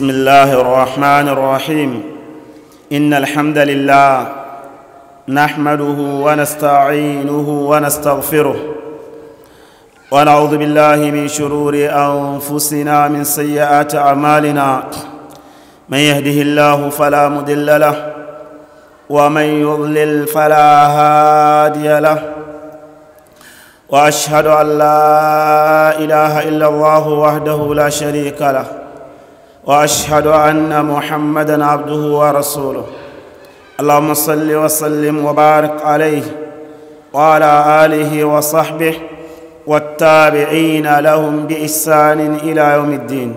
بسم الله الرحمن الرحيم ان الحمد لله نحمده ونستعينه ونستغفره ونعوذ بالله من شرور انفسنا من سيئات اعمالنا من يهده الله فلا مضل له ومن يضلل فلا هادي له واشهد ان لا اله الا الله وحده لا شريك له واشهد ان محمدا عبده ورسوله اللهم صل وسلم وبارك عليه وعلى اله وصحبه والتابعين لهم باحسان الى يوم الدين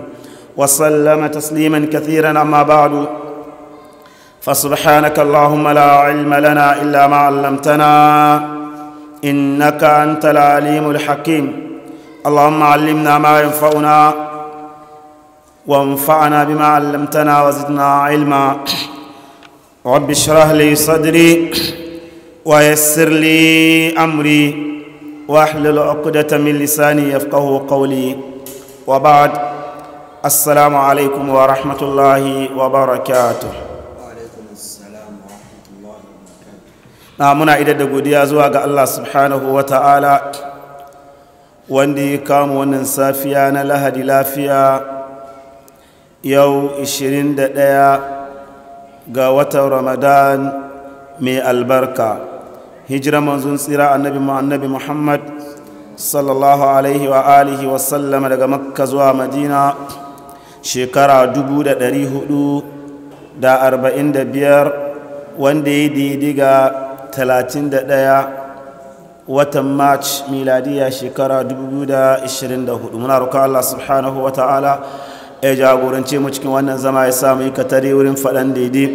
وسلم تسليما كثيرا اما بعد فسبحانك اللهم لا علم لنا الا ما علمتنا انك انت العليم الحكيم اللهم علمنا ما ينفعنا وانفعنا بما علمتنا وزدنا علما رب اشرح لي صدري ويسر لي امري واحلل عقدة من لساني يفقه قولي وبعد السلام عليكم ورحمة الله وبركاته وعليكم السلام ورحمة الله وبركاته نعم، منا إذا دقوديا زواج الله سبحانه وتعالى واندي ya kama wannan safiya na yau 21 ga watan ramadan mai albarka hijira manzun tsira annabi annabi muhammad sallallahu alaihi wa alihi wa sallama, daga makka zuwa madina shekara 445 wanda ya daidai ga 31 watan march miladiya shekara 2024 muna roƙon allah subhanahu wa ta'ala ya jagoranci mu cikin wannan zama ya samu yi katare wurin faɗan daidai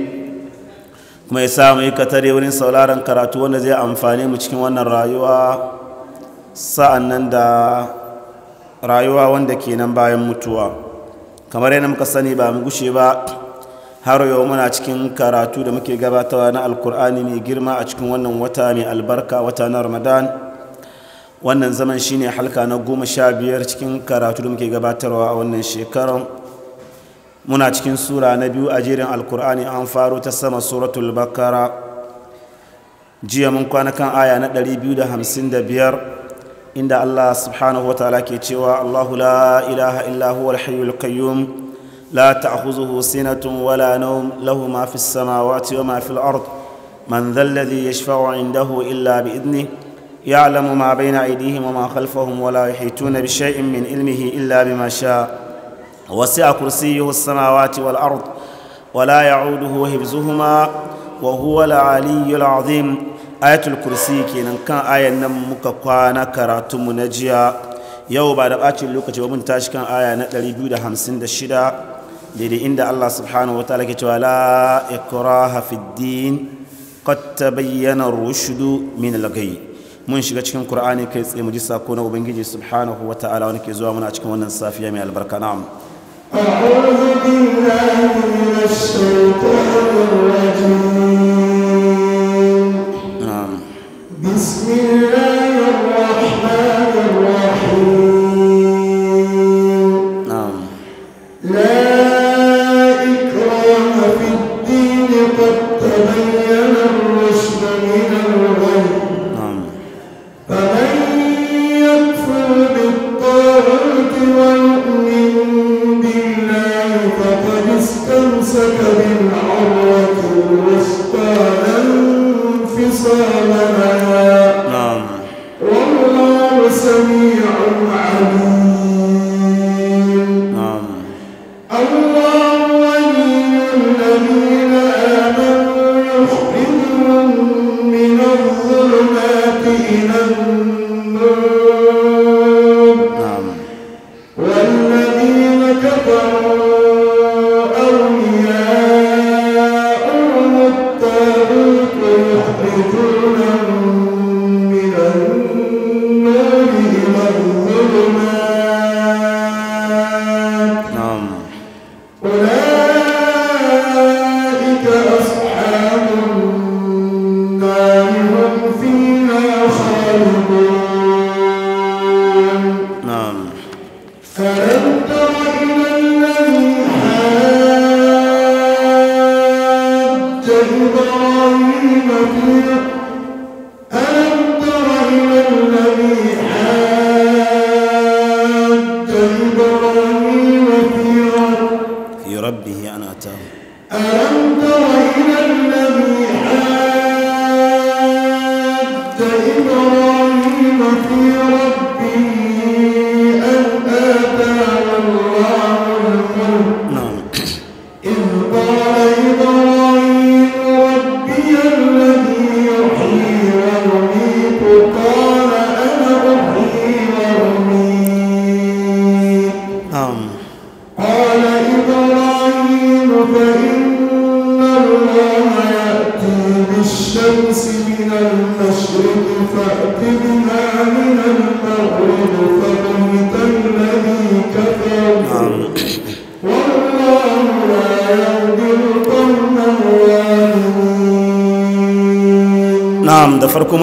kuma ya samu yi katare wurin sauraron karatu wanda zai amfani mu cikin wannan rayuwa sa'an nan da rayuwa wanda ke nan bayan mutuwa kamar yana muka sani ba mu gushe ba har yau muna cikin karatu da muke gabatawa na alkur'ani mai girma a cikin wannan wata mai albarka wata na ramadan wannan zaman shine halka na goma sha biyar cikin karatu da muke gabatarwa a wannan shekarar muna cikin sura na biyu a jerin alkur'ani an faro ta sama suratul bakara jiya mun kwana kan aya na 255 inda allah subhanahu wa ta'ala ke cewa allahu la ilaha illa huwa alhayyul qayyum la ta'khuzuhu sinatun wala nawm lahu ma fis samawati wa ma fil ard man dhal ladhi yashfa'u 'indahu illa bi idnihi يعلم ما بين أيديهم وما خلفهم ولا يحيطون بشيء من علمه إلا بما شاء وسع كرسيه السماوات والأرض ولا يعوده حفظهما وهو العلي العظيم آية الكرسي كينا كان آية نمك كوانا كراتم نجيا يو بعد آتي اللوكة ومن تاش كان آية نتلي بيودة همسين دشدا لدي إند الله سبحانه وتعالى لا إكراه في الدين قد تبين الرشد من الغي mun shiga cikin qur'ani kai tsaye mu ji sako na ubangiji subhanahu wataala wani ke zuwa muna cikin wannan safiya mai albarka na'am أعوذ بالله من الشيطان الرجيم بسم الله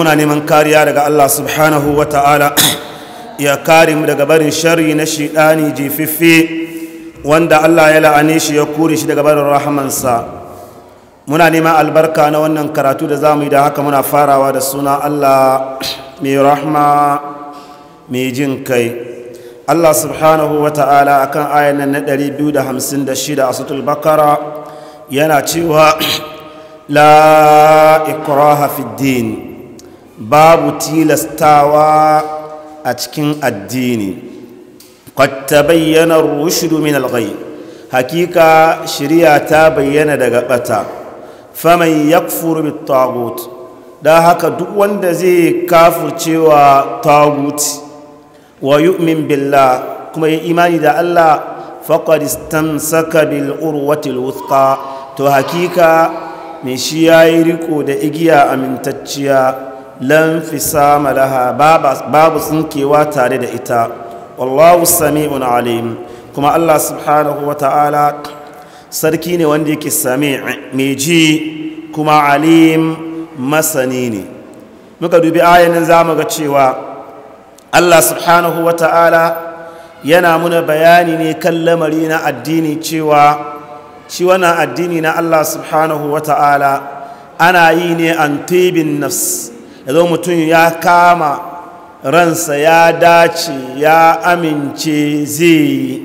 muna neman kariya daga Allah subhanahu wa ta'ala ya kare mu daga barin shari na shiɗani jififfe wanda Allah ya la'ane shi ya kure shi daga barin rahamansa muna neman albarka na wannan karatu da za mu yi da haka muna farawa da suna Allah mai rahma mai jin kai Allah subhanahu wa ta'ala a kan nan na 256 a sutul bakara yana cewa la ikraha fid din babu tilastawa a cikin addini kwatta bayyana rushidu min alghai hakika shirya ta bayyana daga bata faman yakfuru bit tagut da haka duk wanda zai kafurcewa tagut wa yu'min billah kuma ya imani da Allah faqad istamsaka bil urwati to hakika mai shi yayi riko da igiya amintacciya sama laha babu tsinkewa tare da ita wallahu sami'un alim kuma Allah subhanahu wa ta'ala sarki ne wanda yake sami mai ji kuma alim masani ne muka dubi ayanin zamu ga cewa Allah subhanahu wa ta'ala yana muna bayani ne kan lamari na addini cewa shi wannan addini na Allah subhanahu wa ta'ala ana yi ne an tibin nafs ya zo mutum ya kama ransa ya dace ya amince zai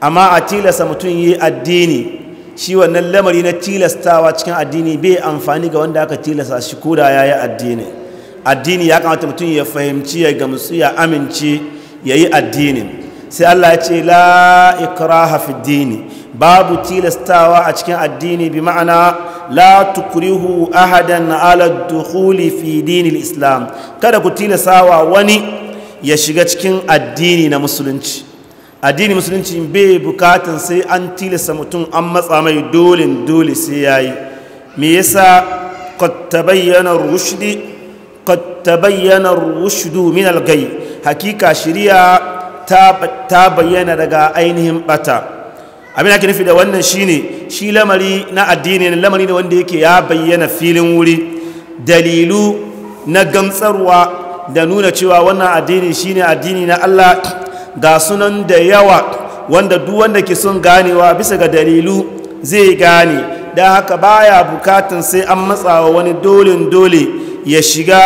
amma a tilasta mutum yi addini shi wannan lamari na tilastawa cikin addini bai amfani ga wanda aka tilasta shi koda ya yi addini addini ya kamata mutum ya fahimci ya gamsu ya amince ya yi addini sai allah ya ce la ikraha hafi dini babu tilastawa a cikin addini bi ma'ana la tukrihu ahadan ala dukhuli fi dinil islam kada ku tilastawa wani ya shiga cikin addini na musulunci addini musulunci bai bukatan sai an tilasta mutum an matsa mai dole dole sai yayi me yasa qad tabayyana rushdi qad tabayyana min al-gay hakika shari'a ta bayyana daga ainihin bata abin ake nufi da wannan shine shi lamari na addini ne lamari ne wanda yake ya bayyana filin wuri dalilu na gamsarwa da nuna cewa wannan addini shine addini na Allah ga sunan da yawa wanda duk wanda ke son ganewa bisa ga dalilu zai gane da haka baya bukatun sai an matsawa wani dolin dole ya shiga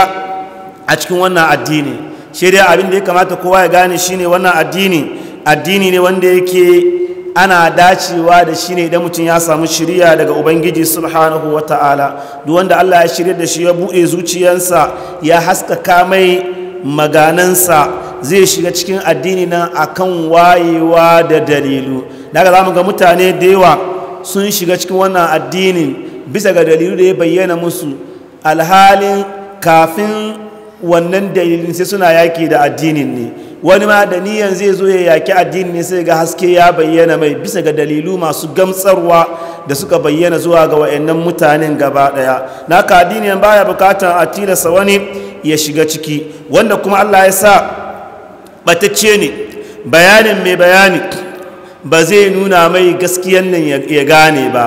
a cikin wannan addini shirya dai abin da ya kamata kowa ya gane shine wannan addini addini ne wanda yake ana dacewa da shi ne idan mutum ya samu shirya daga ubangiji subhanahu wa ta'ala duk wanda allah ya shirya da shi ya buɗe zuciyansa ya haskaka mai maganansa zai shiga cikin addini nan akan wayewa da dalilu daga za mu ga mutane da yawa sun shiga cikin wannan addinin bisa ga dalilu da ya bayyana musu alhalin kafin wannan dalilin sai suna yaki da addinin ne wani ma da niyan zai zo ya yaki addini ne sai ga haske ya bayyana mai bisa ga dalilu masu gamsarwa da suka bayyana zuwa ga wayannan mutanen gaba daya na ka addinin baya bukatar a tilasta wani ya shiga ciki wanda kuma Allah ya sa batacce ne bayanin mai bayani ba zai nuna mai gaskiyan nan ya gane ba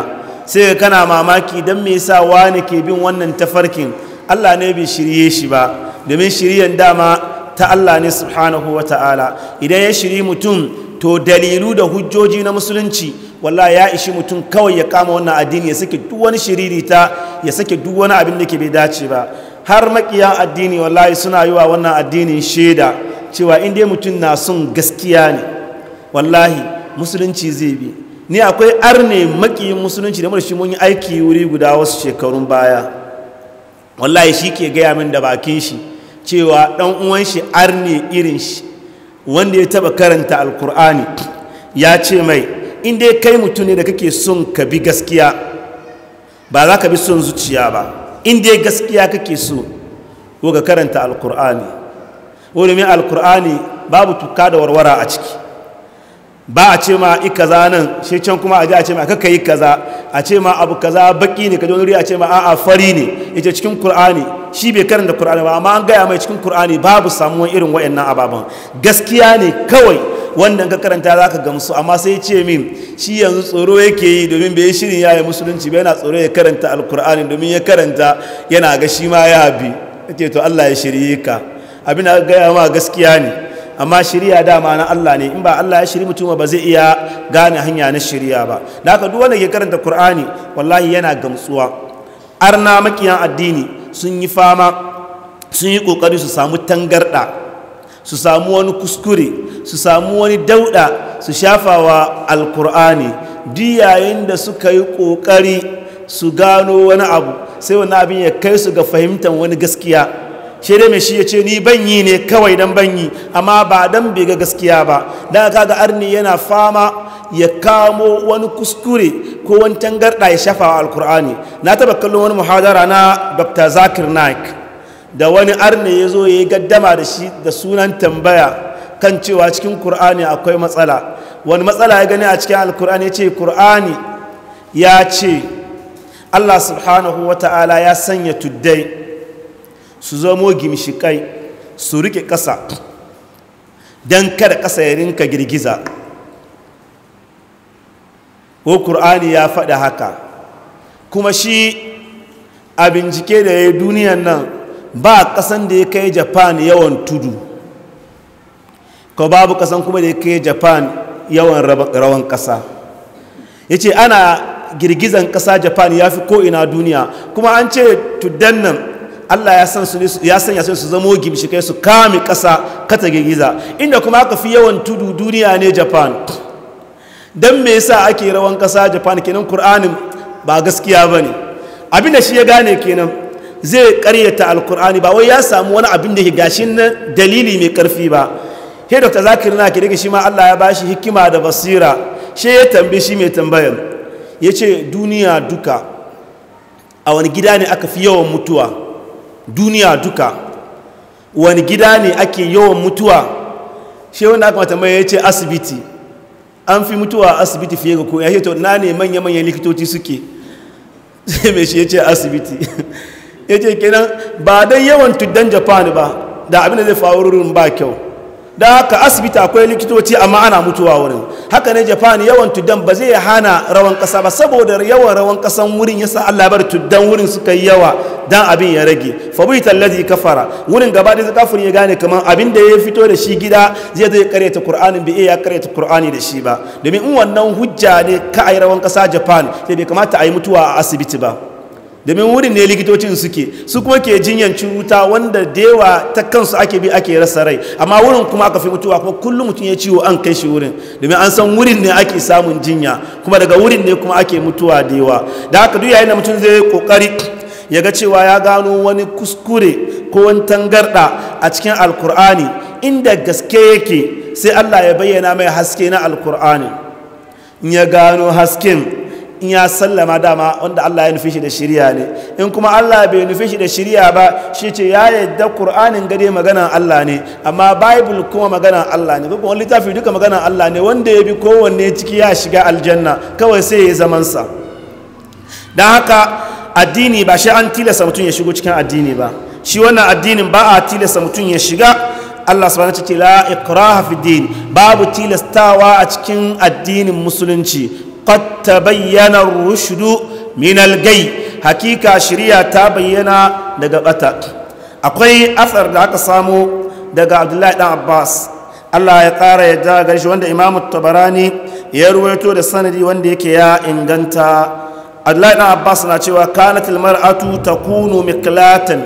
sai kana mamaki don me yasa wani ke bin wannan tafarkin Allah ne bai shirye shi ba domin shiriyan dama ta Allah ne subhanahu wa ta'ala idan ya shiri mutum to dalilu da hujjoji na musulunci walla ya ishi mutum kawai ya kama wannan addini ya sake duk wani shiririta ya sake duk wani abin da ke bai dace ba har makiyan addini wallahi suna yi wa wannan addinin shaida cewa in dai mutum na son gaskiya ne wallahi musulunci zai bi ni akwai arne makiyin musulunci da shi mun yi aiki wuri guda wasu shekarun baya wallahi shi ke gaya min da bakin shi cewa ɗan uwan shi arne irin shi wanda ya taba karanta alkur'ani ya ce mai inda kai mutum ne da kake son ka bi gaskiya ba za ka bi son zuciya ba inda gaskiya kake so ko ka karanta alkur'ani wani mai alkur'ani babu tuka da warwara a ciki ba a ce ma ika kaza nan shi can kuma a ji a ce ma kakka yi kaza a ce ma abu kaza baki ne kaji wani a ce ma a'a fari ne ita cikin kur'ani shi bai karanta kur'ani ba amma an gaya mai cikin kur'ani babu samuwan irin wa'annan ababen gaskiya ne kawai wanda ka karanta za ka gamsu amma sai ce min shi yanzu tsoro yake yi domin bai shirin ya yi musulunci ba yana tsoro ya karanta alkur'ani domin ya karanta yana ga shi ma ya bi ce to allah ya shirye ka abin da gaya ma gaskiya ne amma shirya dama na Allah ne in ba Allah ya shiri mutum ba zai iya gane hanya na shirya ba da haka duk wanda ke karanta Qur'ani wallahi yana gamsuwa arna makiyan addini sun yi fama sun yi kokari su samu tangarda su samu wani kuskure su samu wani dauda su shafawa alkur'ani duk yayin da suka yi kokari su gano wani abu sai wani abin ya kai su ga fahimtar wani gaskiya ce dai mai shi ya ce ni banyi ne kawai dan banyi amma ba dan bai ga gaskiya ba da ga arni yana fama ya kamo wani kuskure ko wani tangarda ya shafa alkur'ani na taba kallon wani muhadara na dr zakir naik da wani Arni ya zo ya yi gaddama da shi da sunan tambaya kan cewa cikin kur'ani akwai matsala wani matsala ya gani a cikin alkur'ani ya ce kur'ani ya ce allah subhanahu wa ta'ala ya sanya tuddai su zamo gimshikai su rike ƙasa don kada kasa ya rinka girgiza ko ƙur'ani ya faɗa haka kuma shi a bincike da ya yi duniyan nan ba ƙasan da ya kai japan yawan tudu ko babu ƙasan kuma da ya kai japan yawan rawan ƙasa ya ce ana girgizan ƙasa japan ya fi ko'ina duniya kuma an ce tuddan nan Allah ya san ya sanya su su zamo gimshikai su kame kasa kata girgiza inda kuma aka fi yawan tudu duniya ne Japan Don me yasa ake rawan kasa Japan kenan Kur'anin ba gaskiya ba abin da shi ya gane kenan zai karyata alkur'ani ba wai ya samu wani abin da gashin na dalili mai karfi ba he dr zakir na ke shi ma Allah ya shi hikima da basira shi ya tambaye shi mai tambayar ya ce duniya duka a wani gida ne aka fi yawan mutuwa duniya duka wani gida ne ake yawan mutuwa shi wanda aka mata mai ya ce asibiti an fi mutuwa asibiti fiye ga ko ya hito na ne manya-manyan likitoci suke sai mai shi ya ce asibiti ya ce kenan ba don yawan tuddan japan ba da abin da zai farurin ba kyau da haka asibiti akwai likitoci amma ana mutuwa wurin haka ne japan yawan tuddan ba zai hana rawan kasa ba saboda yawan rawan kasan wurin yasa allah bar tuddan wurin suka yi yawa dan abin ya rage fabuita allazi kafara wurin gaba da kafirin ya gane kamar abin da ya fito da shi gida zai zai karyata kur'anin bai ya karyata kur'ani da shi ba domin in wannan hujja ne ka ayi rawan kasa japan sai bai kamata a yi mutuwa a asibiti ba domin wurin ne likitocin suke su kuma ke jinyan cuta wanda dewa ta kansu ake bi ake rasa rai amma wurin kuma aka fi mutuwa kuma kullum mutum ya ciwo an kai shi wurin domin an san wurin ne ake samun jinya kuma daga wurin ne kuma ake mutuwa dewa da haka duk yayin da mutum zai yi kokari ya ga cewa ya gano wani kuskure ko wani tangarda a cikin alkur'ani inda gaske yake sai allah ya bayyana mai haske na alkur'ani ya gano hasken in ya sallama dama wanda Allah ya nufi shi da shirya ne in kuma Allah bai nufi shi da shirya ba shi ce ya yadda Kur'anin gare maganan Allah ne amma Bible kuma maganan Allah ne kuma wani littafi duka maganan Allah ne wanda ya bi kowanne ciki ya shiga aljanna kawai sai ya yi zamansa. don haka addini ba shi an tilasta mutum ya shigo cikin addini ba shi wannan addinin ba a tilasta mutum ya shiga Allah subhanahu wa la ikraha fi din babu tilastawa a cikin addinin musulunci qad tabayyana rushudu min al-gay hakika shari'a ta bayyana daga bata akwai asar da aka samu daga Abdullahi dan Abbas Allah ya ya yadda gari shi wanda Imam Tabarani ya ruwaito da sanadi wanda yake ya inganta abdullahi dan abbas na cewa kanatil mar'atu takunu miqlatan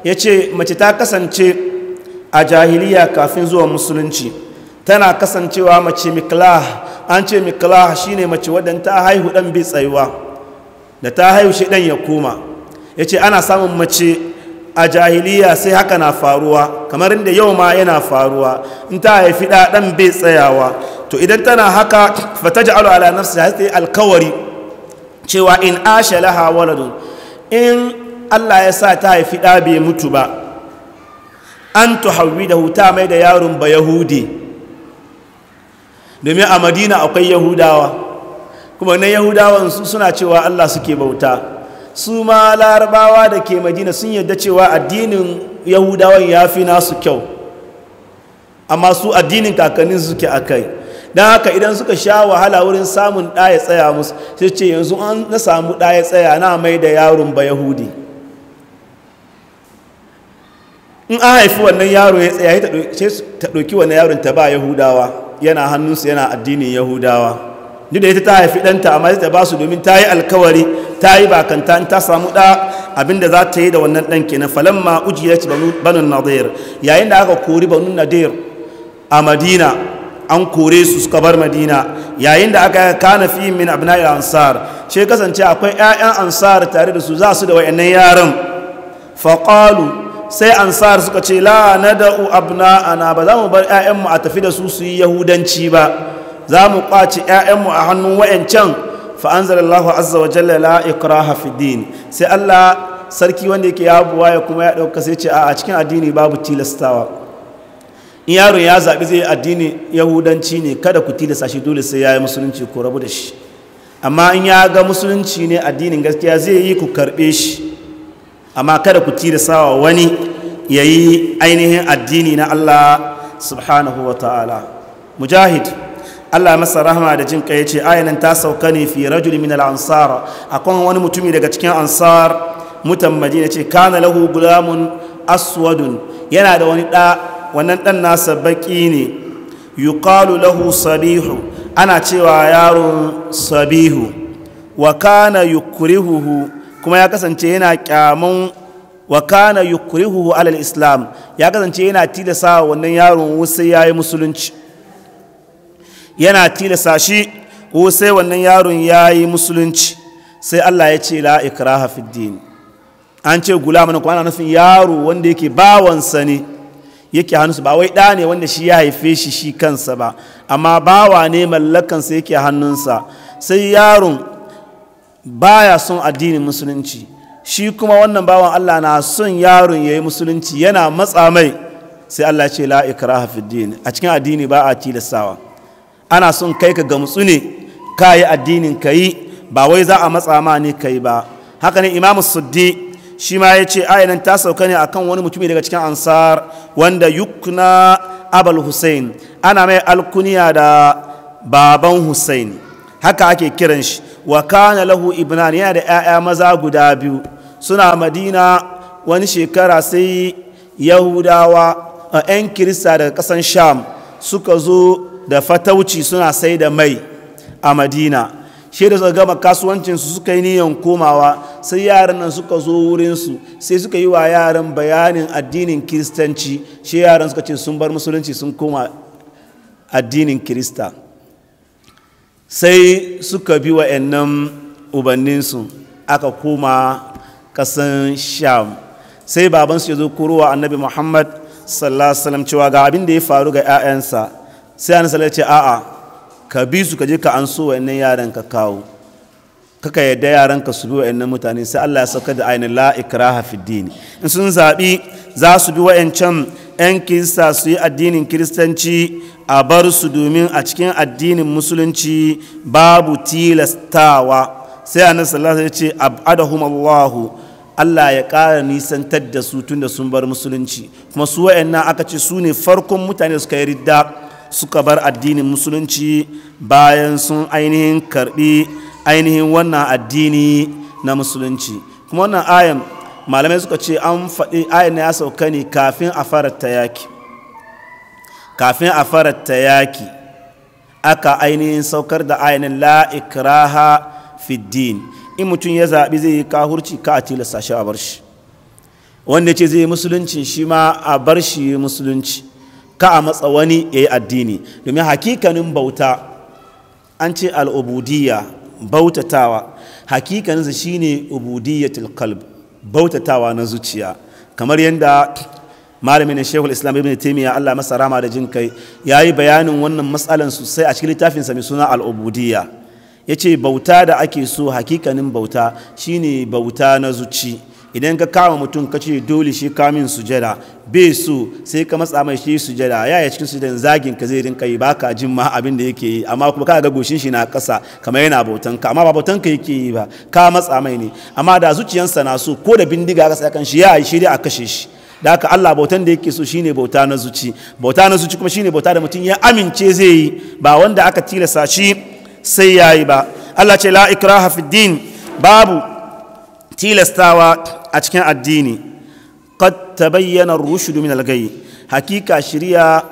yace mace ta kasance a jahiliya kafin zuwa musulunci tana kasancewa mace miklah an ce miklah shine mace wadanda ta haihu dan bi tsayuwa da ta haihu shi dan ya koma yace ana samun mace a jahiliya sai haka na faruwa kamar inda yau ma yana faruwa in ta haifi da dan bai tsayawa to idan tana haka fataj'alu ala nafsiha sai alkawari cewa in ashe laha waladun in Allah ya sa ta haifi ɗa bai mutu ba an tuhawwi da huta mai da yaron ba yahudi domin a madina akwai yahudawa kuma na yahudawan suna cewa Allah suke bauta su ma larabawa da ke madina sun yadda cewa addinin yahudawan ya fi nasu kyau amma su addinin kakannin suke a kai da haka idan suka sha wahala wurin samun ɗaya ya tsaya musu sai ce yanzu an na samu ɗa ya tsaya na mai da yaron ba yahudi in an haifi wannan yaro ya tsaya ta ɗauki wannan yaron ta ba yahudawa yana hannunsu yana addinin yahudawa duk da ita ta haifi ɗanta amma ta ba su domin ta yi alkawari ta yi bakanta ta samu ɗa abinda za ta yi da wannan ɗan kenan falamma ujiya ci banu nadir yayin da aka kori banu nadir a madina an kore su suka bar madina yayin da aka kana fi min abna'il ansar ce kasance akwai 'ya'yan ansar tare da su za su da wayannan yaran Faƙalu sai ansar suka ce la nada'u abna'ana ba za mu bar 'ya'yanmu a tafi da su su yi yahudanci ba za mu ƙwace 'ya'yanmu a hannun wayancan fa anzalallahu azza wa jalla la ikra hafidin sai Allah sarki wanda yake yabuwa ya kuma ya ɗauka sai ce a cikin addini babu tilastawa in yaron ya zaɓi zai addini yahudanci ne kada ku tilasta shi dole sai ya yi musulunci ko rabu da shi amma in ya ga musulunci ne addinin gaskiya zai yi ku karɓe shi amma kada ku tilasta wa wani ya yi ainihin addini na Allah subhanahu wa ta'ala mujahid Allah masa rahama da jin kai ce ayanan ta sauka ne fi rajul min al-ansar akwai wani mutumi daga cikin ansar mutan madina ce kana lahu gulamun aswadun yana da wani da wannan ɗan nasa baƙi ne yuqalu lahu sabihu ana cewa yaron sabihu wa kana yukrihuhu kuma ya kasance yana kyamun wa kana yukrihuhu alal islam ya kasance yana tilasa wannan yaron sai yayi musulunci yana tilasa shi sai wannan yaron yayi musulunci sai Allah ya ce la ikraha fid an ce mana kuma ana nufin yaro wanda yake bawansa ne yake su ba wai ɗa ne wanda shi ya haife shi shi kansa ba amma bawa ne mallakansa yake hannunsa sai yaron baya son addinin musulunci shi kuma wannan bawan Allah na son yaron ya yi musulunci yana matsa mai sai Allah ce la ikraha fi din a cikin addini ba a tilasawa. ana son kai ka gamsu ne ka yi addinin ka yi ba wai za a matsa ma ne kai ba haka ne imamu suddi shi ma ya ce ayanan ta sauka ne akan wani mutumi daga cikin ansar wanda yukna abal hussein ana mai alkuniya da baban hussein haka ake kiran shi wa kana lahu ibnan yana da 'ya'ya maza guda biyu suna madina wani shekara sai yahudawa a 'yan kirista daga kasan sham suka zo da fatauci suna sai da mai a madina shi da suka gama kasuwancinsu suka yi niyan komawa sai yaran nan suka zo wurinsu sai suka yi wa yaran bayanin addinin kiristanci shi yaran suka ce sun bar musulunci sun koma addinin kirista sai suka bi wa nan ubanninsu aka koma kasan sham sai babansu ya zo kurowa annabi muhammad sallallahu alaihi wasallam cewa ga abin da ya faru ga 'ya'yansa sai an ce a'a ka bi su ka je ka an wa'annan yaran ka kawo kaka yadda yaran ka su bi wa'annan mutane sai Allah ya sauka da ainihin la ikraha fi dini in sun zaɓi za su bi wa'ancan 'yan kirista su yi addinin kiristanci a bar su domin a cikin addinin musulunci babu tilastawa sai a nan ya ce abadahum Allahu Allah ya ƙara nisantar da su tun da sun bar musulunci kuma su wa'annan aka ce su ne farkon mutane suka yi ridda suka bar addinin musulunci bayan sun ainihin karbi ainihin wannan addini na musulunci kuma wannan ayan malamai suka ce an faɗi ayan ya sauka ne kafin a fara yaki kafin a fara yaki aka ainihin saukar da ayanin la ikraha fiddin in mutum ya zaɓi zai yi kahurci ka a tilasta shi a bar shi wanda ce zai yi musulunci shi ma a bar shi musulunci ka a matsa wani ya yi addini domin hakikanin bauta an ce al'ubudiyya bautatawa Hakikanin su shine ubudiyyatul qalb bautatawa na zuciya kamar yadda malamin na shekul islam ibn taimiyya allah masa rama da jin kai ya yi bayanin wannan matsalan sosai a cikin littafinsa mai suna al'ubudiyya ya ce bauta da ake so hakikanin bauta shine bauta na zuci idan ka kama mutum ka ce dole shi kamin sujada bai su sai ka matsa mai shi sujada ya yi cikin sujadan zagin ka zai rinka yi ba ka jin ma abin da yake yi amma kuma ka goshin shi na kasa kamar yana bautan ka amma ba bautan ka yake yi ba ka matsa mai ne amma da zuciyarsa na so ko da bindiga ka sa kan shi ya yi shi dai a kashe shi da haka Allah bautan da yake so shine bauta na zuci bauta na zuci kuma shine bauta da mutum ya amince zai yi ba wanda aka tilasa shi sai yayi ba Allah ce la ikraha fid din babu tilastawa a cikin addini qad ta bayyana rushd min al-ghayy hakika shiriya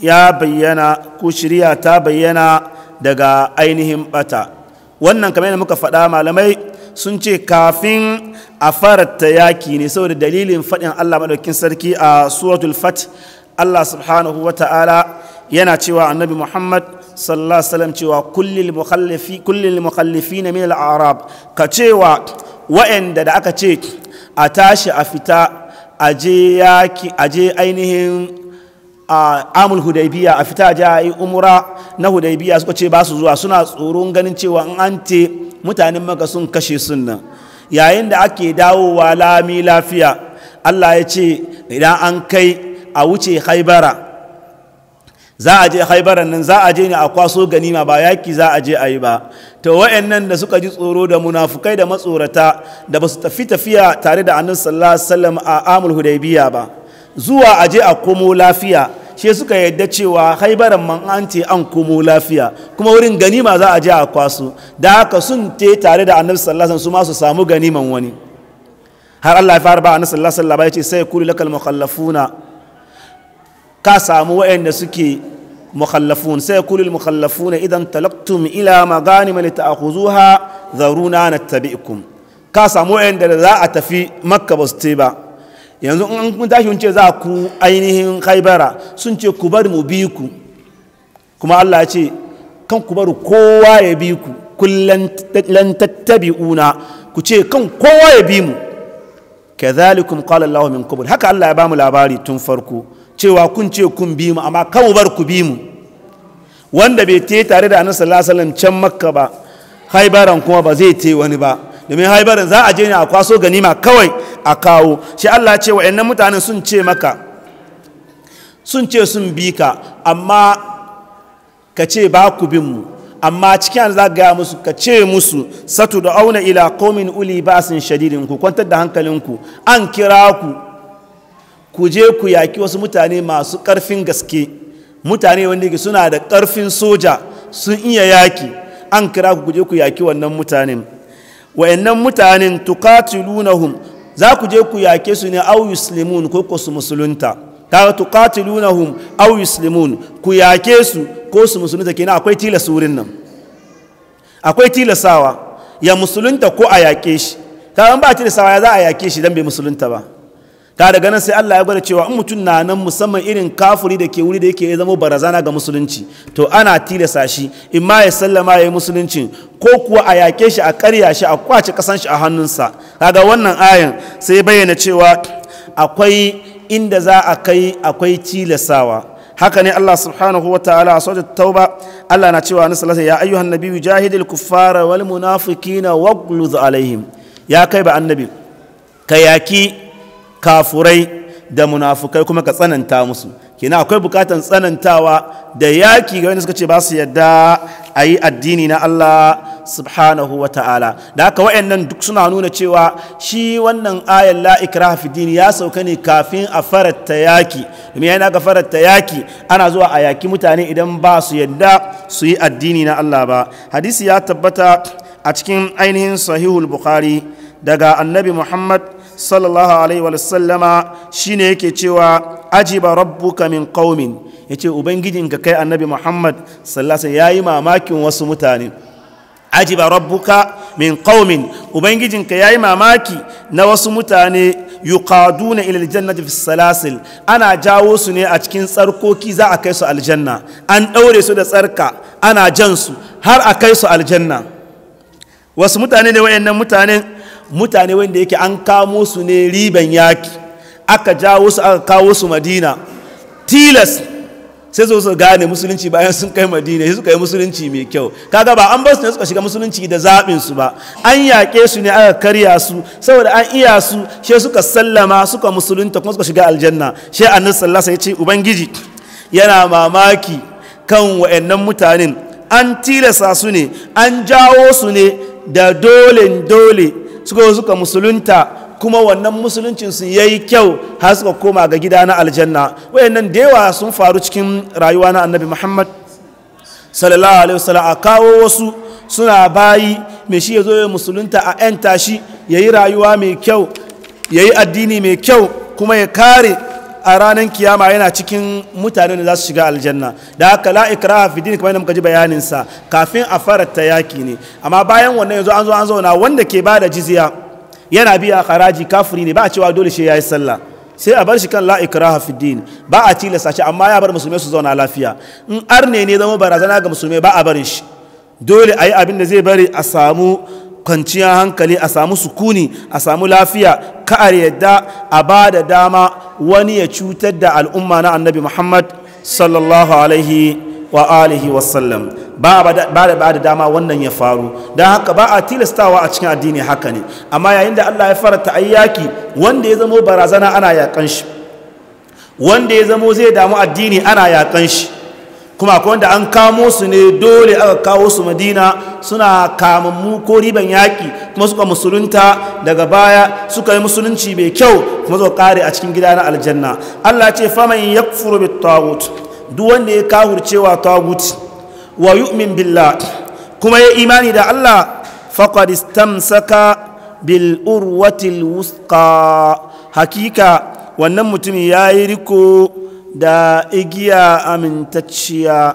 ya bayyana ko shiriya ta bayyana daga ainihin bata wannan kamar yadda muka faɗa malamai sun ce kafin a farata yaki ne saboda dalilin faɗin Allah madaukin sarki a suratul fat Allah subhanahu wa ta'ala yana cewa annabi Muhammad sallallahu alaihi wasallam cewa kullil mukhallafi na min arab ka cewa wa'anda da aka ce a tashi a fita a je yaki a je ainihin a amul a fita umra na hudaybiya suka ce ba su zuwa suna tsoron ganin cewa in an te mutanen maka sun kashe sunan yayin da ake dawowa lami lafiya Allah ya ce idan an kai a wuce haibara za a je haibaran nan za a je ne a kwaso ganima ba yaki za a je a yi ba to wayannan da suka ji tsoro da munafukai da matsorata da ba su tafi tafiya tare da annabi sallallahu alaihi wasallam a amul hudaybiya ba zuwa a je a komo lafiya she suka yadda cewa haibaran man an ce an komo lafiya kuma wurin ganima za a je a kwaso da haka sun te tare da annabi sallallahu alaihi wasallam su ma su samu ganiman wani har Allah ya fara ba annabi sallallahu alaihi wasallam ya ce sai kullu lakal mukhallafuna ka samu wa'anda suke mukhallafun sai kulul mukhallafuna idan talaqtum ila maghanim lita'khuzuha zaruna nattabi'ukum ka samu wa'anda da za a tafi makka ba su ba yanzu in kun tashi kun ce za ku ainihin haibara, sun ce ku bar mu bi ku kuma Allah ya ce kan ku bar kowa ya bi ku kullan tattabi'una ku ce kan kowa ya bi mu kadhalikum qala min qabl haka Allah ya ba mu labari tun farko cewa kun ce kun bi mu amma bar ku bi mu wanda bai te tare da annabi sallallahu can makka ba haibaran kuma ba zai te wani ba domin haibaran za a je ne a kwaso ganima kawai a kawo shi Allah ce wa'annan mutanen sun ce maka sun ce sun bi ka amma ka ce ba ku bin mu amma cikin za ga musu ka ce musu satu da auna ila qaumin uli ba'sin shadidin ku kwantar da hankalinku an kira ku ku je ku yaki wasu mutane masu ƙarfin gaske mutane wanda yake suna da ƙarfin soja sun iya yaki an kira ku je ku yaki wannan mutanen wayannan mutanen tuqatilunahum za ku je ku yake su ne au yuslimun ko ku su musulunta kaga tuqatilunahum au yuslimun ku yake su ko su musulunta kenan akwai tilasa wurin nan akwai tilasawa ya musulunta ko a yake shi kaga ba tilasawa ya za a yake shi dan bai musulunta ba ka daga nan sai Allah ya gwada cewa in mutum na nan musamman irin kafuri da ke wuri da yake ya zama barazana ga musulunci to ana tilasa shi in ma ya sallama ya yi musulunci ko kuwa a yake shi a karya shi a kwace kasan shi a hannunsa kaga wannan ayan sai bayyana cewa akwai inda za a kai akwai tilasawa haka ne Allah subhanahu wa ta'ala a sautar tauba Allah na cewa na salasa ya ayyuhan nabi jahidil kuffara wal munafiqina waghluz alaihim ya kai ba annabi ka yaki kafurai da munafukai kuma ka tsananta musu kina akwai bukatan tsanantawa da yaki ga wanda suka ce ba su yadda a yi addini na Allah subhanahu wa ta'ala da haka wa'annan duk suna nuna cewa shi wannan ayan la ikraha dini ya sauka ne kafin a farata yaki domin yana ga farata yaki ana zuwa a yaki mutane idan ba su yadda su yi addini na Allah ba hadisi ya tabbata a cikin ainihin sahihul bukhari daga annabi muhammad sallallahu alaihi wa sallama shine yake cewa ajiba rabbuka min qaumin yace ubangijinka kai annabi Muhammad sallallahu alaihi yayi mamakin wasu mutane ajiba rabbuka min qaumin ubangijinka yayi mamaki na wasu mutane yuqaduna ila aljannati fi salasil ana jawo su ne a cikin tsarkoki za a kai su aljanna an daure su da tsarka ana jan su har a kai su aljanna wasu mutane ne wayannan mutanen mutane wanda yake an kamo su ne riban yaki aka jawo su aka kawo su madina tilas sai zo su gane musulunci bayan sun kai madina sai suka musulunci mai kyau kaga ba an basu ne suka shiga musulunci da zaɓin su ba an yaƙe su ne aka karya su saboda an iya su sai suka sallama suka musulunta kuma suka shiga aljanna sai annabi sallallahu ya ce ubangiji yana mamaki kan wa'annan mutanen an tilasa su ne an jawo su ne da dole dole suka suka musulunta kuma wannan musuluncin su yayi kyau har suka koma ga gida na aljanna wayannan da yawa sun faru cikin rayuwa na annabi Muhammad sallallahu alaihi wasallam a kawo wasu suna bayi mai shi ya zo ya musulunta a 'yan tashi ya yi rayuwa mai kyau ya yi addini mai kyau kuma ya kare a ranar kiyama yana cikin mutane da za su shiga aljanna da haka la ikraha fi kamar yadda muka ji bayanin sa kafin a farata yaki ne amma bayan wannan yanzu an zo an zauna wanda ke bada jizya yana biya haraji kafiri ne ba a cewa dole shi yayi sallah sai a bar shi kan la ikraha fi ba a tilasta shi amma ya bar musulmai su zauna lafiya in arne ne zama barazana ga musulmai ba a barin shi dole a yi abin da zai bari a samu kwanciyar hankali a samu sukuni a samu lafiya ka'ar yadda a ba da dama wani ya cutar da al'umma na annabi muhammad sallallahu alaihi wa alihi wasallam ba da ba da dama wannan ya faru don haka ba a tilastawa a cikin addini haka ne amma yayin da allah ya farata ayyaki wanda ya zamo barazana ana yakan shi wanda ya zamo zai damu addini ana yakan shi kuma akwai wanda an kamo su ne dole aka kawo su madina suna kamammu ko riban yaƙi kuma suka musulunta daga baya suka yi musulunci mai kyau kuma zuwa ƙare a cikin gida na aljanna allah ce faman ya furo bi tawut duk wanda ya kahurcewa tagut wa yu'min billah kuma ya imani da allah faqad saka bil wuska hakika wannan mutumin ya yi riko da igiya amintacciya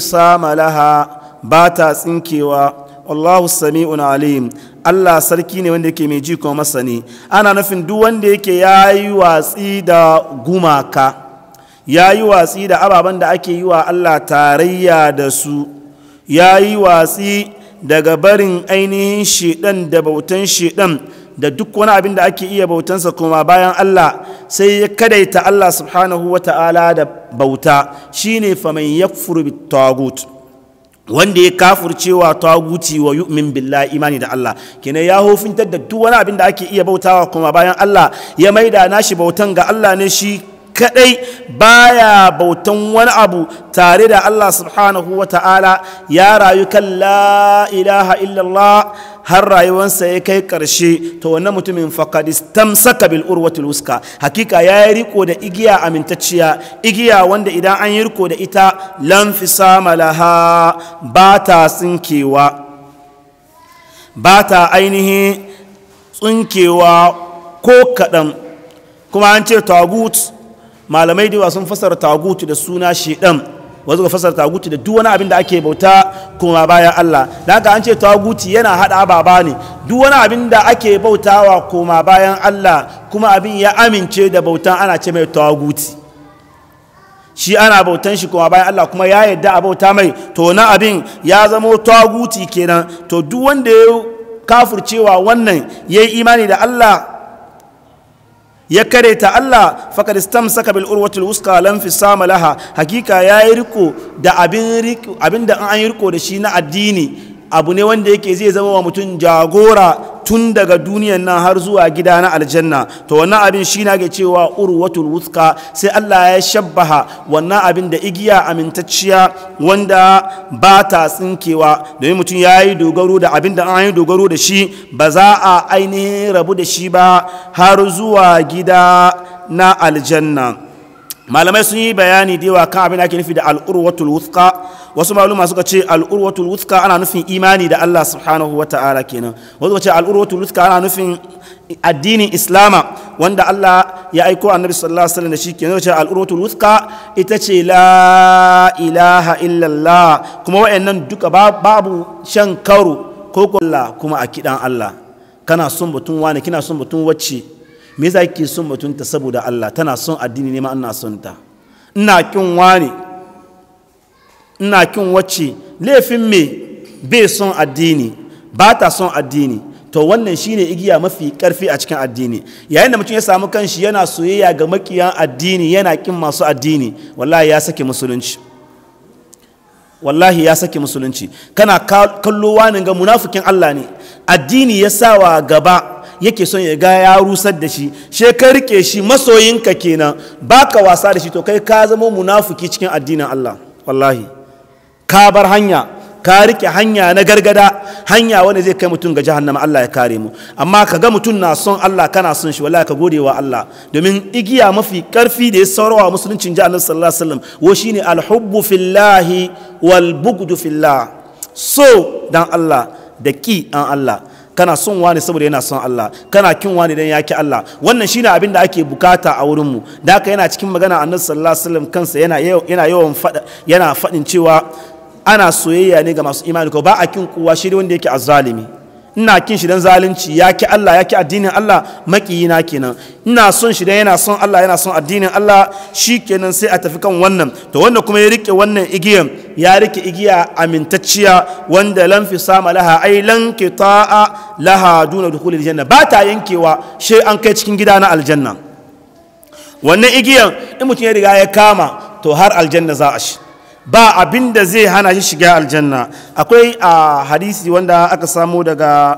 sama laha ba ta tsinkewa Allahu sami'un alim Allah sarki ne wanda yake mai ji kuma masani ana nufin duk wanda yake ya yi watsi da gumaka ya yi watsi da ababen da ake yi wa Allah tarayya da su ya yi watsi daga barin ainihin shiɗan da bautan shiɗan da duk wani abin da ake iya bautansa kuma bayan Allah sai ya kadaita Allah subhanahu wa ta'ala da bauta ne faman yakfuru bit tagut wanda ya kafurcewa taguti wa yu'min billah imani da Allah kenan ya hofintar da duk wani abin da ake iya bautawa kuma bayan Allah ya maida nashi bautan ga Allah ne shi kadai baya bautan wani abu tare da Allah subhanahu wa ta'ala ya rayu kan la ilaha illallah har rayuwansa ya kai ƙarshe to wannan mutumin fakadistam saka bil urwatul wuska hakika ya yi riko da igiya amintacciya igiya wanda idan an yi riko da ita lamfisa malaha ba ta tsinkewa ba ta ainihin tsinkewa ko kaɗan kuma an ce tagut malamai da sun fasara tagutu da suna shedan wasu ga fasara tagutu da duk wani abin da ake bauta kuma bayan Allah da haka an ce taguti yana hada ababa ne duk wani abin da ake bautawa kuma bayan Allah kuma abin ya amince da bautan ana ce mai taguti shi ana bautan shi kuma bayan Allah kuma ya yadda a bauta mai to na abin ya zamo taguti kenan to duk wanda ya kafurcewa wannan yayi imani da Allah ya kare ta Allah faqad istamsaka bil urwatil wuska lam fisama laha hakika yayi riko da abin riko abinda an yi riko da shi na addini abu ne wanda yake zai zama wa mutum jagora tun daga duniyan nan har zuwa gida na aljanna to wannan abin shi na ga cewa urwatul wuska sai Allah ya shabbaha wannan abin da igiya amintacciya wanda ba ta tsinkewa domin mutum ya yi dogaro da abin da an yi dogaro da shi ba za a ainihin rabu da shi ba har zuwa gida na aljanna malamai sun yi bayani da yawa kan abin da ake nufi da al'urwatul wuthqa wasu maluma suka ce al'urwatul wuthqa ana nufin imani da Allah subhanahu wa ta'ala kenan wasu suka ce al'urwatul wuthqa ana nufin addinin islama wanda Allah ya aiko annabi sallallahu alaihi wasallam da shi kenan ce al'urwatul wuthqa ita ce la ilaha illallah kuma wayannan duka babu shan karo ko kuma a kidan Allah kana son batun wani kina son batun wacce me yasa kike son mutunta saboda Allah tana son addini ne ma ina son ta ina kin wani ina kin wacce laifin me bai son addini ba ta son addini to wannan shine igiya mafi karfi a cikin addini yayin da mutum ya samu kanshi yana soyayya ga makiyan addini yana kin masu addini wallahi ya sake musulunci wallahi ya sake musulunci kana kallo wani ga munafikin Allah ne addini ya sawa gaba yake son ya ga ya rusar da shi she ka rike shi masoyinka kenan baka wasa da shi to kai ka zama munafuki cikin addinin Allah wallahi ka bar hanya ka rike hanya na gargada hanya wanda zai kai mutum ga jahannama Allah ya kare mu amma ka ga mutum na son Allah kana son shi wallahi ka gode wa Allah domin igiya mafi karfi da ya saurawa musuluncin ji Annabi sallallahu alaihi wasallam wo shine alhubbu fillahi wal bughdu fillah so dan Allah da ki an Allah kana son wani saboda yana son Allah kana kin wani dan yaki Allah wannan shine abin da ake bukata a wurin mu da haka yana cikin magana annabi sallallahu alaihi wasallam kansa yana yana yawan fada yana fadin cewa ana soyayya ne ga masu imani ko ba a kin kowa shi wanda yake azzalimi ina kin shi dan zalunci ya ki Allah ya ki addinin Allah makiyina kenan ina son shi dan yana son Allah yana son addinin Allah shi kenan sai a tafi kan wannan to wanda kuma ya rike wannan igiyan ya rike igiya amintacciya wanda lan fi sama laha ai lan qita'a laha duna dukhulil janna ba ta yankewa sai an kai cikin gida na aljanna wannan igiyan in mutum ya riga ya kama to har aljanna za a shi ba abin da zai hana shi shiga aljanna akwai a hadisi wanda aka samo daga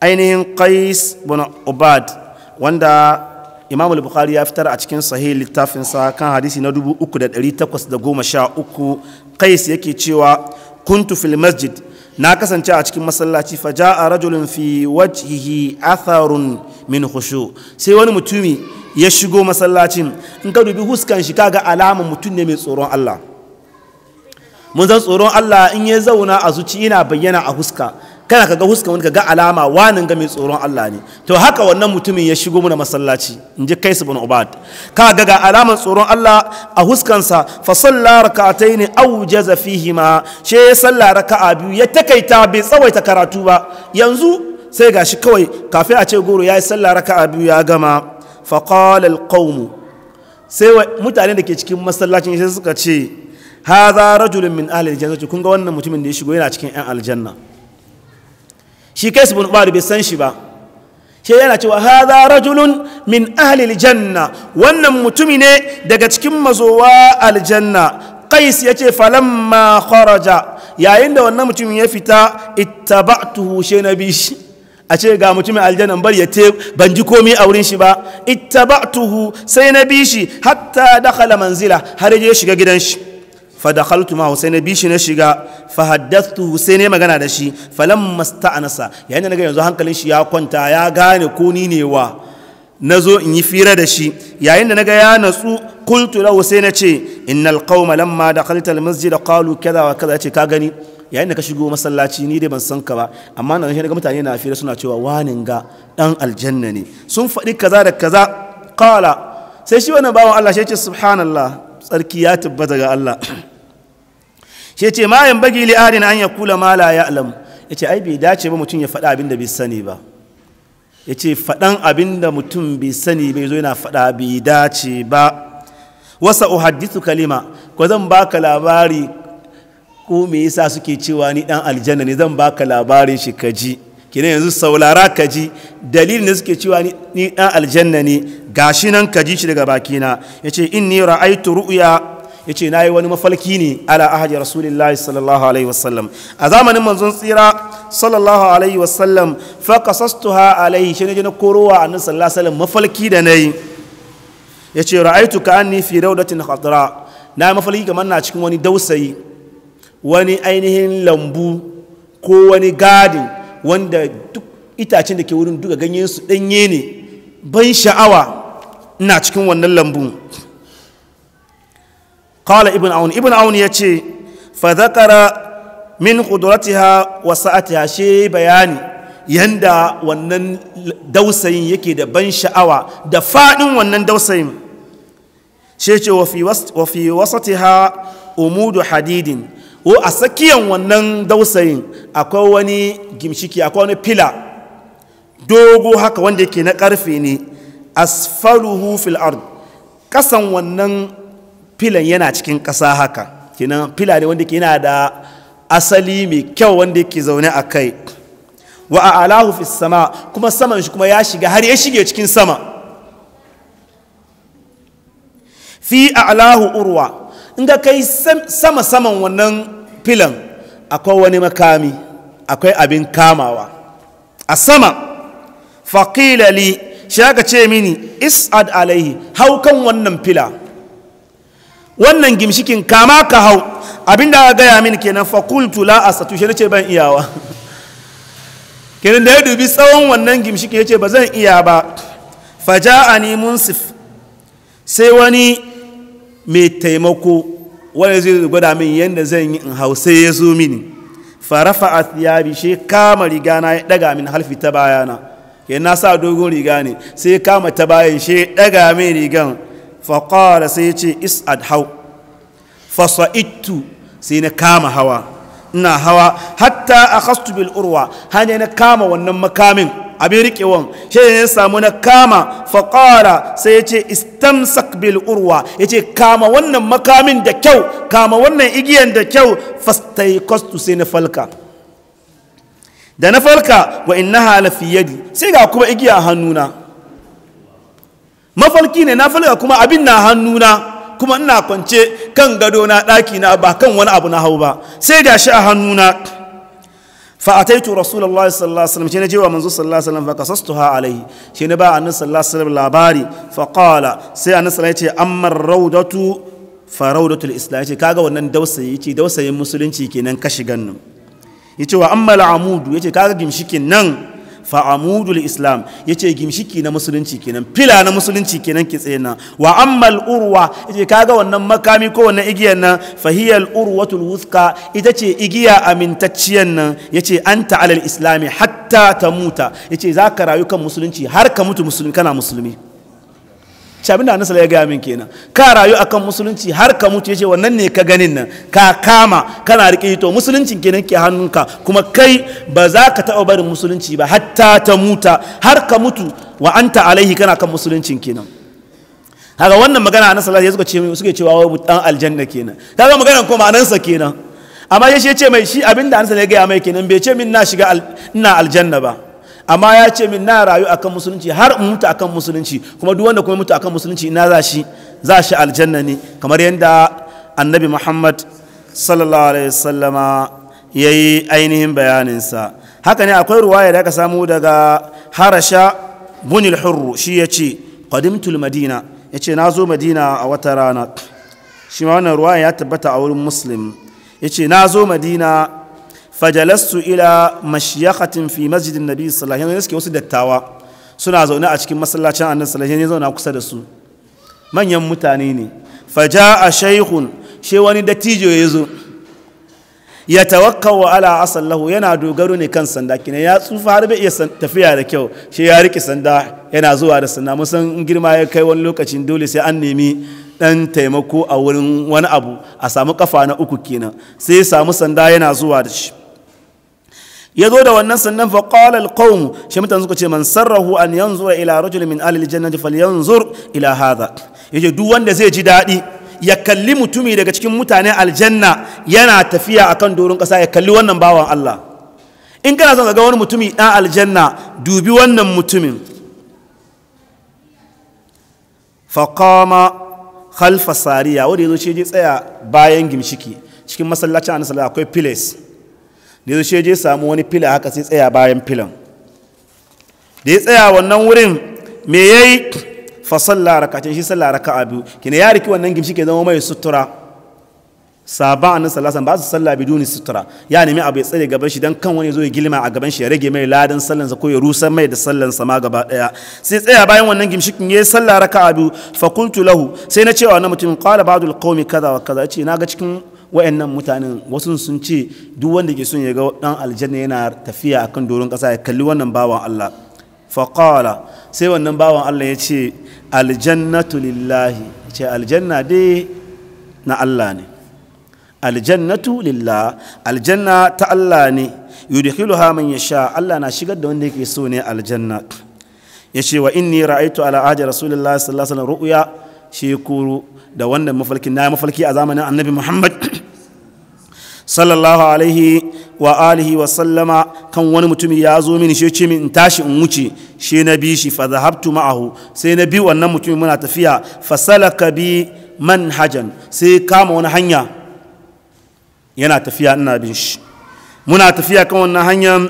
ainihin qais bin ubad wanda imamu al-bukhari ya fitar a cikin sahih littafinsa kan hadisi na 3813 qais yake cewa kuntu fil masjid na kasance a cikin masallaci fa ja'a rajulun fi wajhihi atharun min khushu sai wani mutumi ya shigo masallacin in ka dubi huskan shi kaga alaman mutum ne mai tsoron Allah mun zan tsoron Allah in ya zauna a zuci yana bayyana a huska kana kaga huska wani ga alama wanin ga mai tsoron Allah ne to haka wannan mutumin ya shigo mana masallaci in ji kaisu bin ubad ka ga ga alaman tsoron Allah a huskansa fa salla rak'ataini aw jaza fihima she ya salla raka'a biyu ya takaita bai tsawaita karatu ba yanzu sai gashi kawai kafin a ce goro yi salla raka'a biyu ya gama fa qala al sai mutane da ke cikin masallacin sai suka ce haza rajulun min ahli aljannati kun ga wannan mutumin da ya shigo yana cikin yan aljanna shi kais bin ubad bai san shi ba shi yana cewa haza rajulun min ahli aljanna wannan mutumi ne daga cikin mazowa aljanna qais yace ma kharaja yayin da wannan mutumin ya fita ittaba'tuhu shi na bi shi a ce ga mutumin aljanna, bar ya te ban ji komai a wurin shi ba ittaba'tuhu sai na bi shi hatta dakhala manzila har ya shiga gidan shi fadakhaltu ma sai na bi shi na shiga fahaddathu hussaini magana da shi falam masta'nasa yayin da naga yanzu hankalin shi ya kwanta ya gane ko ni ne wa nazo in yi fira da shi yayin da naga ya natsu qultu la sai na ce innal qauma lamma dakhalta al masjid qalu kaza wa kaza ce ka gani yayin da ka shigo masallaci ni dai ban san ka ba amma na shi daga mutane na fira suna cewa wanin ga dan aljanna ne sun faɗi kaza da kaza qala sai shi wannan bawan Allah shi ya ce subhanallah tsarki ya tabbata ga Allah shi ce ma yan bagi li'ari na an mala ma la Ya ce ai bai dace ba mutum ya faɗa abin da bai sani ba Ya ce faɗan abin da mutum bai sani bai zo yana faɗa bai dace ba wasa uhaddithu kalima ko zan baka labari ko me yasa suke cewa ni dan aljanna ne zan baka labarin shi kaji kina yanzu saulara kaji dalilin da suke cewa ni dan aljanna ne gashi nan kaji shi daga bakina yace inni ra'aytu ru'ya ya ce na yi wani mafalki ne ala ahadi rasulullahi sallallahu alaihi wasallam a zamanin manzon tsira sallallahu alaihi wasallam fa kasastuha alaihi shi ne na korowa nan sallallahu alaihi wasallam mafalki da nayi ya ce ra'aitu ka anni fi rawdatin khadra na yi mafalki kamar na cikin wani dausayi wani ainihin lambu ko wani gadin wanda duk itacen da ke wurin duka ganyen su danye ne ban sha'awa ina cikin wannan lambu. qala ibn aun ibn aun yace fa zakara min qudratiha wa sa'atiha shi bayani yanda wannan dausayin yake da ban sha'awa da fadin wannan dausayin shi ce wa fi wasatiha umudu hadidin ko a tsakiyan wannan dausayin akwai wani gimshiki akwai wani fila dogo haka wanda yake na karfe ne asfaruhu fil ard kasan wannan filan yana cikin ƙasa haka kinan fila ne wanda yana da asali mai kyau wanda yake zaune a kai wa a alahu fi sama kuma saman shi kuma ya shiga har ya shige cikin sama fi a alahu urwa in ga kai sama saman wannan filan akwai wani makami akwai abin kamawa a sama faƙilali shi aka ce mini is'ad alaihi haukan wannan fila wannan gimshikin kama ka hau abinda aka gaya mini kenan fakultu la asatu shi nace ban iyawa kenan da ya dubi tsawon wannan gimshikin yace ba zan iya ba faja ni munsif sai wani mai taimako wani zai gwada min yadda zan yi in hau sai ya zo mini farafa a thiyabi shi kama riga na ya daga min halfi ta bayana yana sa dogon riga ne sai kama ta bayan shi daga min rigan faƙara sai ya ce is'ad hau fasa'ittu sai na kama hawa ina hawa hatta a kastu bil urwa hanyar na kama wannan makamin abin riƙewan shi ne samu na kama faƙara sai ya ce istamsak bil urwa ya ce kama wannan makamin da kyau kama wannan igiyan da kyau fastai kastu sai na falka da na falka wa inna halafi yadi sai ga kuma igiya hannuna mafarki ne na falga kuma abin na hannuna kuma ina kwance kan gado na daki na ba kan wani abu na hau ba sai da shi a hannuna fa ataitu rasulullah sallallahu alaihi wasallam shine cewa manzo sallallahu alaihi wasallam fa qasastuha alaihi shine ba annabi sallallahu alaihi wasallam labari fa qala sai annabi sallallahu alaihi wasallam amma raudatu fa rawdatul islam yace kaga wannan dausayi yace dausayin musulunci kenan kashi gannin yace wa amma al amudu yace kaga gimshikin nan fa'amudul islam ya ce gimshiki na musulunci kenan fila na musulunci kenan ki tsena wa ammal urwa ya ce kaga wannan makami ko wannan igiyar nan fahiyar urwatul wuska ita ce igiya amintacciyar nan ya ce an ta'alal islami hatta ta muta ya ce za ka rayu kan musulunci har ka mutu musulmi kana musulmi shi abinda annabi ya gaya min kenan ka rayu akan musulunci har ka mutu ya ce wannan ne ka ganin nan ka kama kana riƙe to musuluncin kenan ke hannunka kuma kai ba za ka taɓa barin musulunci ba hatta ta muta har ka mutu wa anta alaihi kana kan musuluncin kenan kaga wannan magana a nasarar alaihi suke cewa wai dan aljanna kenan kaga maganar ko ma'anarsa kenan amma ya ce mai shi abinda annabi ya gaya mai kenan bai ce min na shiga ina aljanna ba amma ya ce min na rayu akan musulunci har in mutu akan musulunci kuma duk wanda kuma mutu akan musulunci ina za shi za shi aljanna ne kamar yadda annabi muhammad sallallahu alaihi wasallama ya yi ainihin bayaninsa haka ne akwai ruwaya da aka samu daga harasha bunil hurru shi ya ce qadimtul madina ya ce na zo madina a wata rana shi ma wannan ruwaya ya tabbata a wurin muslim ya ce na zo madina fajalastu ila mashiyakatin fi masjidin nabi sallallahu alaihi wasallam wasu dattawa suna zaune a cikin masallacin annabi sallallahu alaihi zauna kusa da su manyan mutane ne faja'a shaykhun she wani dattijo ya zo ya tawakkalu ala asallahu yana dogaro ne kan sanda kina ya tsufa har bai iya tafiya da kyau she ya rike sanda yana zuwa da sanda musan girma ya kai wani lokacin dole sai an nemi dan taimako a wurin wani abu a samu kafa na uku kenan sai ya samu sanda yana zuwa da shi ya zo da wannan sannan fa qala al qawm shi mutan suka ce man sarrahu an yanzura ila rajulin min ahli al jannati falyanzur ila hadha ce duk wanda zai ji daɗi ya kalli mutumi daga cikin mutanen aljanna yana tafiya a kan dorin kasa ya kalli wannan bawan Allah in kana son ga wani mutumi ɗan aljanna dubi wannan mutumin faqama khalfa sariya wanda zo shi je tsaya bayan gimshiki cikin masallacin annabi akwai place da ya je samu wani fila haka sai tsaya bayan filan da ya tsaya wannan wurin me ya yi fasalla rakacin shi salla a biyu kina ya riki wannan gimshi ke zama mai sutura saba nan sallasan ba su salla duni sutura ya nemi abu ya tsare gaban shi don kan wani zo ya gilma a gaban shi ya rage mai ladan sallansa ko ya rusa mai da sallansa ma gaba daya sai tsaya bayan wannan ya yayi salla a biyu fa lahu sai na cewa na mutum qala ba'dul qaumi kaza wa kaza ce ga cikin wa'annan mutanen wasu sun ce duk wanda ke son ya ga dan aljanna yana tafiya akan doron kasa ya kalli wannan bawan Allah qala sai wannan bawan Allah ya ce aljannatu lillahi ce aljanna dai na Allah ne aljannatu lillah aljanna ta Allah ne yudkhiluha man yasha Allah na shigar da wanda yake so ne aljanna ya ce wa inni ra'aytu ala ahdi rasulillahi sallallahu alaihi wasallam ru'ya shekuru da wannan mafalki na mafalki a zamanin annabi muhammad sallallahu alaihi wa alihi wa sallama kan wani mutumi ya zo mini shi ce min in tashi in wuce shi na bi shi fa zahabtu ma'ahu sai na bi wannan mutumin muna tafiya fa salaka bi manhajan sai kama wani hanya yana tafiya ina bin shi muna tafiya kan wannan hanyar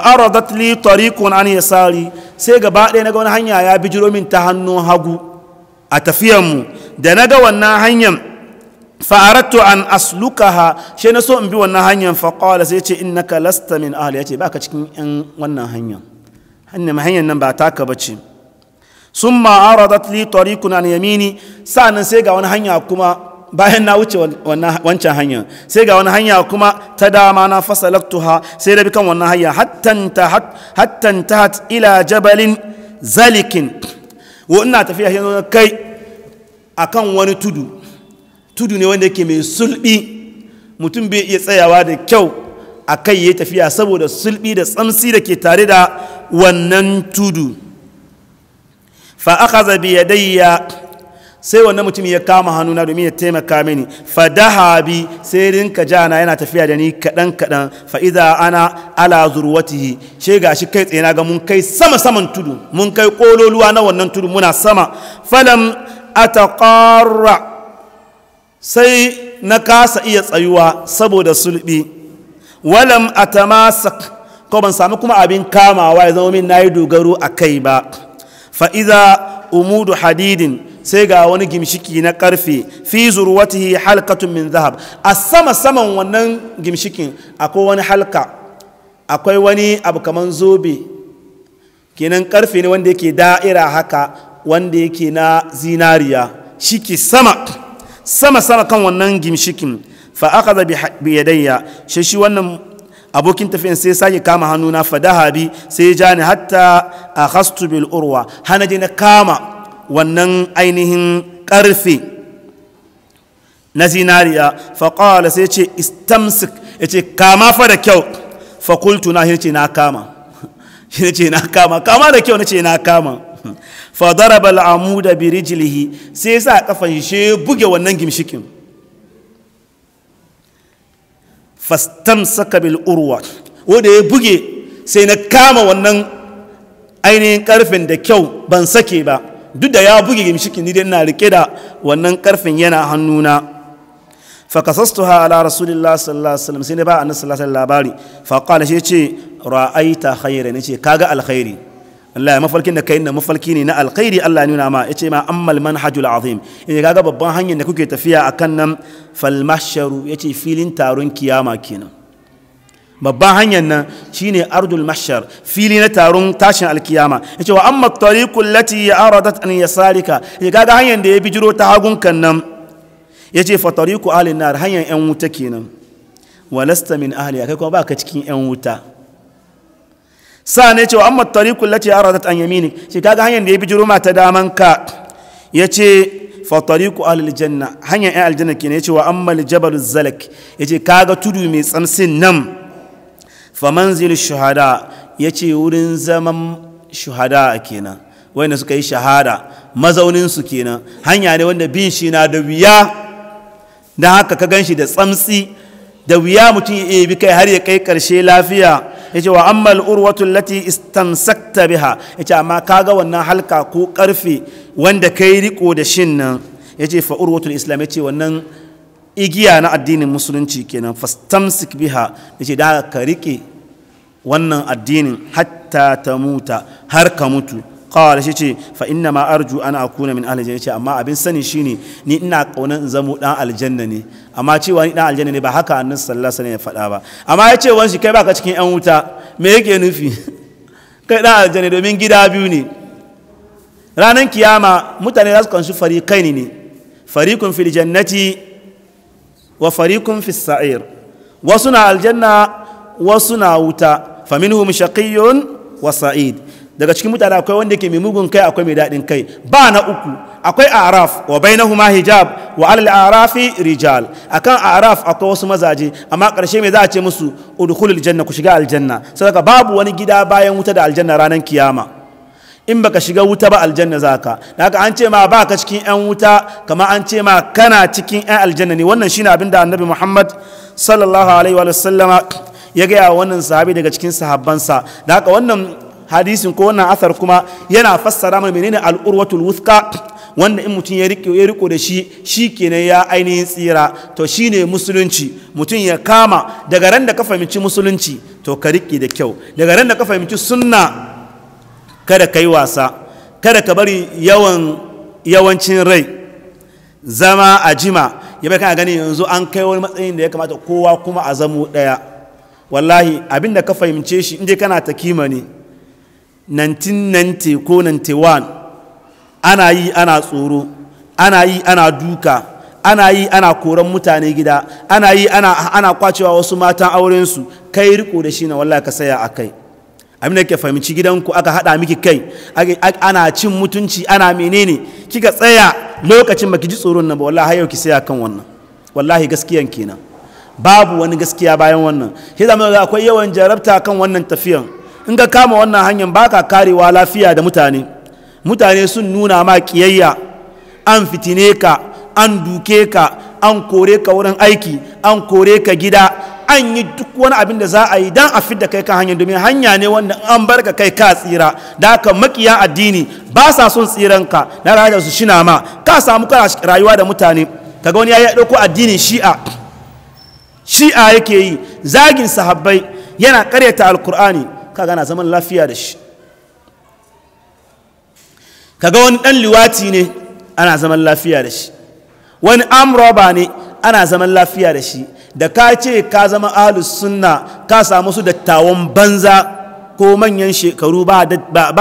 aradat li tariqun an yasari sai gaba ɗaya naga wani hanya ya bijiro min ta hannun hagu a tafiyar mu da naga wannan hanyar fa'aratu an aslukaha shi na so in bi wannan hanyar faƙawala sai ce ka lasta min ahli ya ce ba ka cikin yan wannan hanyar hanyar hanyar nan ba ta ka suma sun ma'ara da tli tariku na yamini sa'anan sai ga wani hanya kuma bayan na wuce wancan hanyar sai ga wani hanya kuma ta dama na fasa laktuha sai da bi kan wannan hanya hattan ta hat ila jabalin zalikin wa ina tafiya hanyar kai akan wani tudu tudu ne wanda yake mai sulbi mutum bai iya tsayawa da kyau a kai ya tafiya saboda sulbi da tsamsi da ke tare da wannan tudu fa aka zabi ya dayya sai wannan mutum ya kama hannuna domin ya taimaka mini fadaha bi sai rinka jana yana tafiya da ni kaɗan kaɗan iza ana ala zurwatihi she gashi kai tsaye na ga mun kai sama saman tudu mun kai kololuwa na wannan tudu muna sama falam ataqarra sai na kasa iya tsayuwa saboda sulbi walam ta ko ban sami kuma abin kamawa ya zama min yi dogaro a kai ba fa'iza umudu hadidin sai ga wani gimshiki na karfe fi zurwatihi halkatun min zahab a sama saman wannan gimshikin akwai wani halka akwai wani abu kaman zobe kenan karfe ne wanda yake da'ira haka wanda yake na zinariya shiki sama sama sama kan wannan gimshikin fa akhadha bi yadayya shi shi wannan abokin tafiyan sai sake kama hannuna fadaha habi sai ja ni hatta akhastu bil urwa hana na kama wannan ainihin karfe na zinariya fa qala sai ce istamsik yace kama fa da kyau fa qultu na na kama ce na kama kama da kyau na ce na kama fa al’amu da biri jilihi sai sa kafan shi buge wannan gimshikin fastan bil urwa wanda ya buge sai na kama wannan ainihin karfin da kyau ban sake ba duk da ya buge gimshikin ni dai ina rike da wannan karfin yana hannuna ha ala rasulillah sallallahu alaihi wasallam sai ne ba annabi sallallahu alaihi labari fa qala shi ce ra'aita khairan ce kaga alkhairi Allah mafarkin da kai na mafarki ne na alkhairi Allah nuna ma yace ma ammal manhajul azim in eh, kaga babban hanyar da kuke tafiya akan nan fal mahsharu filin taron kiyama kenan babban hanyar nan shine ardul mashar fili na taron tashin alkiyama yace wa amma tariqul lati aradat an yasalika ya eh, kaga hanyar da ya bijiro ta hagun kan nan ce fa tariqu ahli nar hanyar yan wuta kenan walasta min ahli kai kuma baka cikin yan wuta sa ne cewa amma tariqul lati aradat an yamini shi kaga hanyar da ya bi juruma ta daman ka ce fa tariqu ahlil janna hanyar ai aljanna ya ce wa amma Zalik. zalak ce kaga tudu mai tsamsin nan fa shahada. Ya ce wurin zaman shahada kenan wanda suka yi shahada mazaunin su kenan hanya ne wanda bin shi na da wuya. dan haka ka gan shi da tsamsi da wuya mutum ya bi kai har ya kai karshe lafiya ya ce wa ammal urwatu lati istamsakta biha ya ce amma kaga wannan halka ko karfe wanda ka yi riko da shin nan ce fa urwatu islam ya ce wannan igiya na addinin musulunci kenan fastamsik biha ya ce da ka riƙe wannan addinin hatta ta muta har ka mutu qala shi ce fa inna ma arju ana akuna min ahli ce amma abin sani ne ni ina kaunan in zamo dan aljanna ne amma cewa ni dan aljanna ne ba haka a sallallahu alaihi wasallam ya faɗa ba amma ya ce wanshi kai baka cikin yan wuta me yake nufi kai dan aljanna domin gida biyu ne ranar kiyama mutane za su kansu fariƙaini ne fariƙun fil jannati wa fariƙun fil sa'ir wasu na aljanna wasu na wuta fa faminhum shaqiyyun wa sa'id daga cikin mutane akwai wanda ke mai mugun kai akwai mai daɗin kai ba na uku akwai araf wa bai na huma hijab wa alal arafi rijal a kan araf akwai wasu mazaje amma ƙarshe mai za a ce musu udkhulul janna ku shiga aljanna saboda babu wani gida bayan wuta da aljanna ranar kiyama in baka shiga wuta ba aljanna zaka haka an ce ma ba ka cikin yan wuta kama an ce ma kana cikin yan aljanna ne wannan shine abin da annabi Muhammad sallallahu alaihi wa sallama ya gaya wannan sahabi daga cikin sahabbansa da haka wannan hadisin ko wannan asar kuma yana fassara mana menene al'urwatul wuska wanda in mutum ya riko ya riko da shi kenan ya ainihin tsira to shine musulunci mutum ya kama daga ran da ka fahimci musulunci to ka riƙe da kyau daga ran da ka fahimci sunna kada ka yi wasa kada ka bari yawan yawancin rai zama a jima ya bai kana gani yanzu an kai wani matsayin da ya kamata kowa kuma a zamo ɗaya wallahi abin da ka fahimce shi inda kana ta kima ne 1990 ko 91 ana yi ana tsoro ana yi ana duka ana yi ana koran mutane gida ana yi ana, kwacewa wasu matan aurensu kai riko da shi na wallah ka saya a kai abin da ke fahimci gidanku aka hada miki kai ana cin mutunci ana menene kika tsaya lokacin baki ji tsoron nan ba wallahi har yau ki saya kan wannan wallahi gaskiyan kenan babu wani gaskiya bayan wannan shi akwai yawan jarabta kan wannan tafiyan in ka kama wannan hanyar ba ka karewa lafiya da mutane mutane sun nuna ma kiyayya an fitine ka an duke ka an kore ka wurin aiki an kore ka gida an yi duk wani abin da za a yi don a fidda kai kan hanyar domin hanya ne wanda an bar ka kai ka tsira da aka makiya addini ba sa son ka na rayuwa su shina ma ka samu kana rayuwa da mutane kaga wani ya yi ɗauko addinin shi'a shi'a yake yi zagin sahabbai yana karyata alkur'ani kaga na zaman lafiya da shi kaga wani dan liwati ne ana zaman lafiya da shi wani amroba ne ana zaman lafiya da shi da ka ce ka zama ahlus sunna ka samu su dattawan banza ko manyan shekaru ba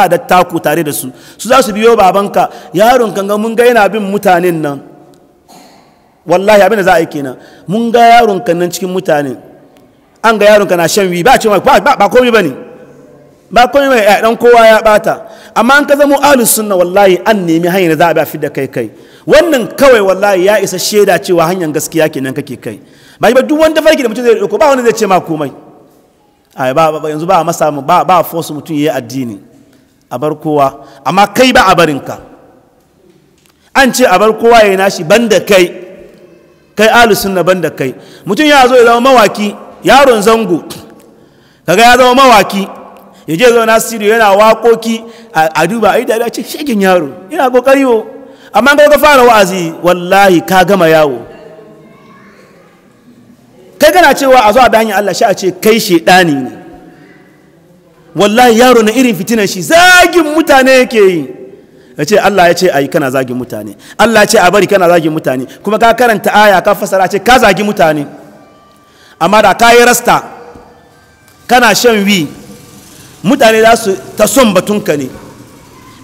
da taku tare da su su za su biyo babanka yaron kanga mun ga yana bin mutanen nan wallahi abin da za a yi kenan mun ga yaron kan nan cikin mutanen an ga yaron ka na shan wi ba ce ba komai ba ne ba kome mai ɗan eh, kowa ya bata amma an ka zama ahlus sunna wallahi an nemi hanyar da za a fi da kai kai wannan kawai wallahi ya isa shaida cewa hanyar gaskiya kenan kake kai ba ba duk wanda farki da mutum zai dauko ba wanda zai ce ma komai a ba yanzu ba masa ba ba fosu mutum yayi addini a bar kowa amma kai ba a barin ka an ce a bar kowa yayi nashi banda kai kai ahlus sunna banda kai mutum ya zo ya zama mawaki yaron zango kaga ya zama mawaki ya je zauna studio yana waƙoƙi a duba a yi da ce shegin yaro yana ƙoƙari yo amma ga ka fara wa'azi wallahi ka gama yawo kai kana cewa a zo a bi Allah sha a ce kai shedani ne wallahi yaro na irin fitinan shi zagin mutane yake yi ya ce Allah ya ce a yi kana zagin mutane Allah ya ce a bari kana zagin mutane kuma ka karanta aya ka fasara ce ka zagi mutane amma da ka yi rasta kana shan wi mutane za su ta son batunka ne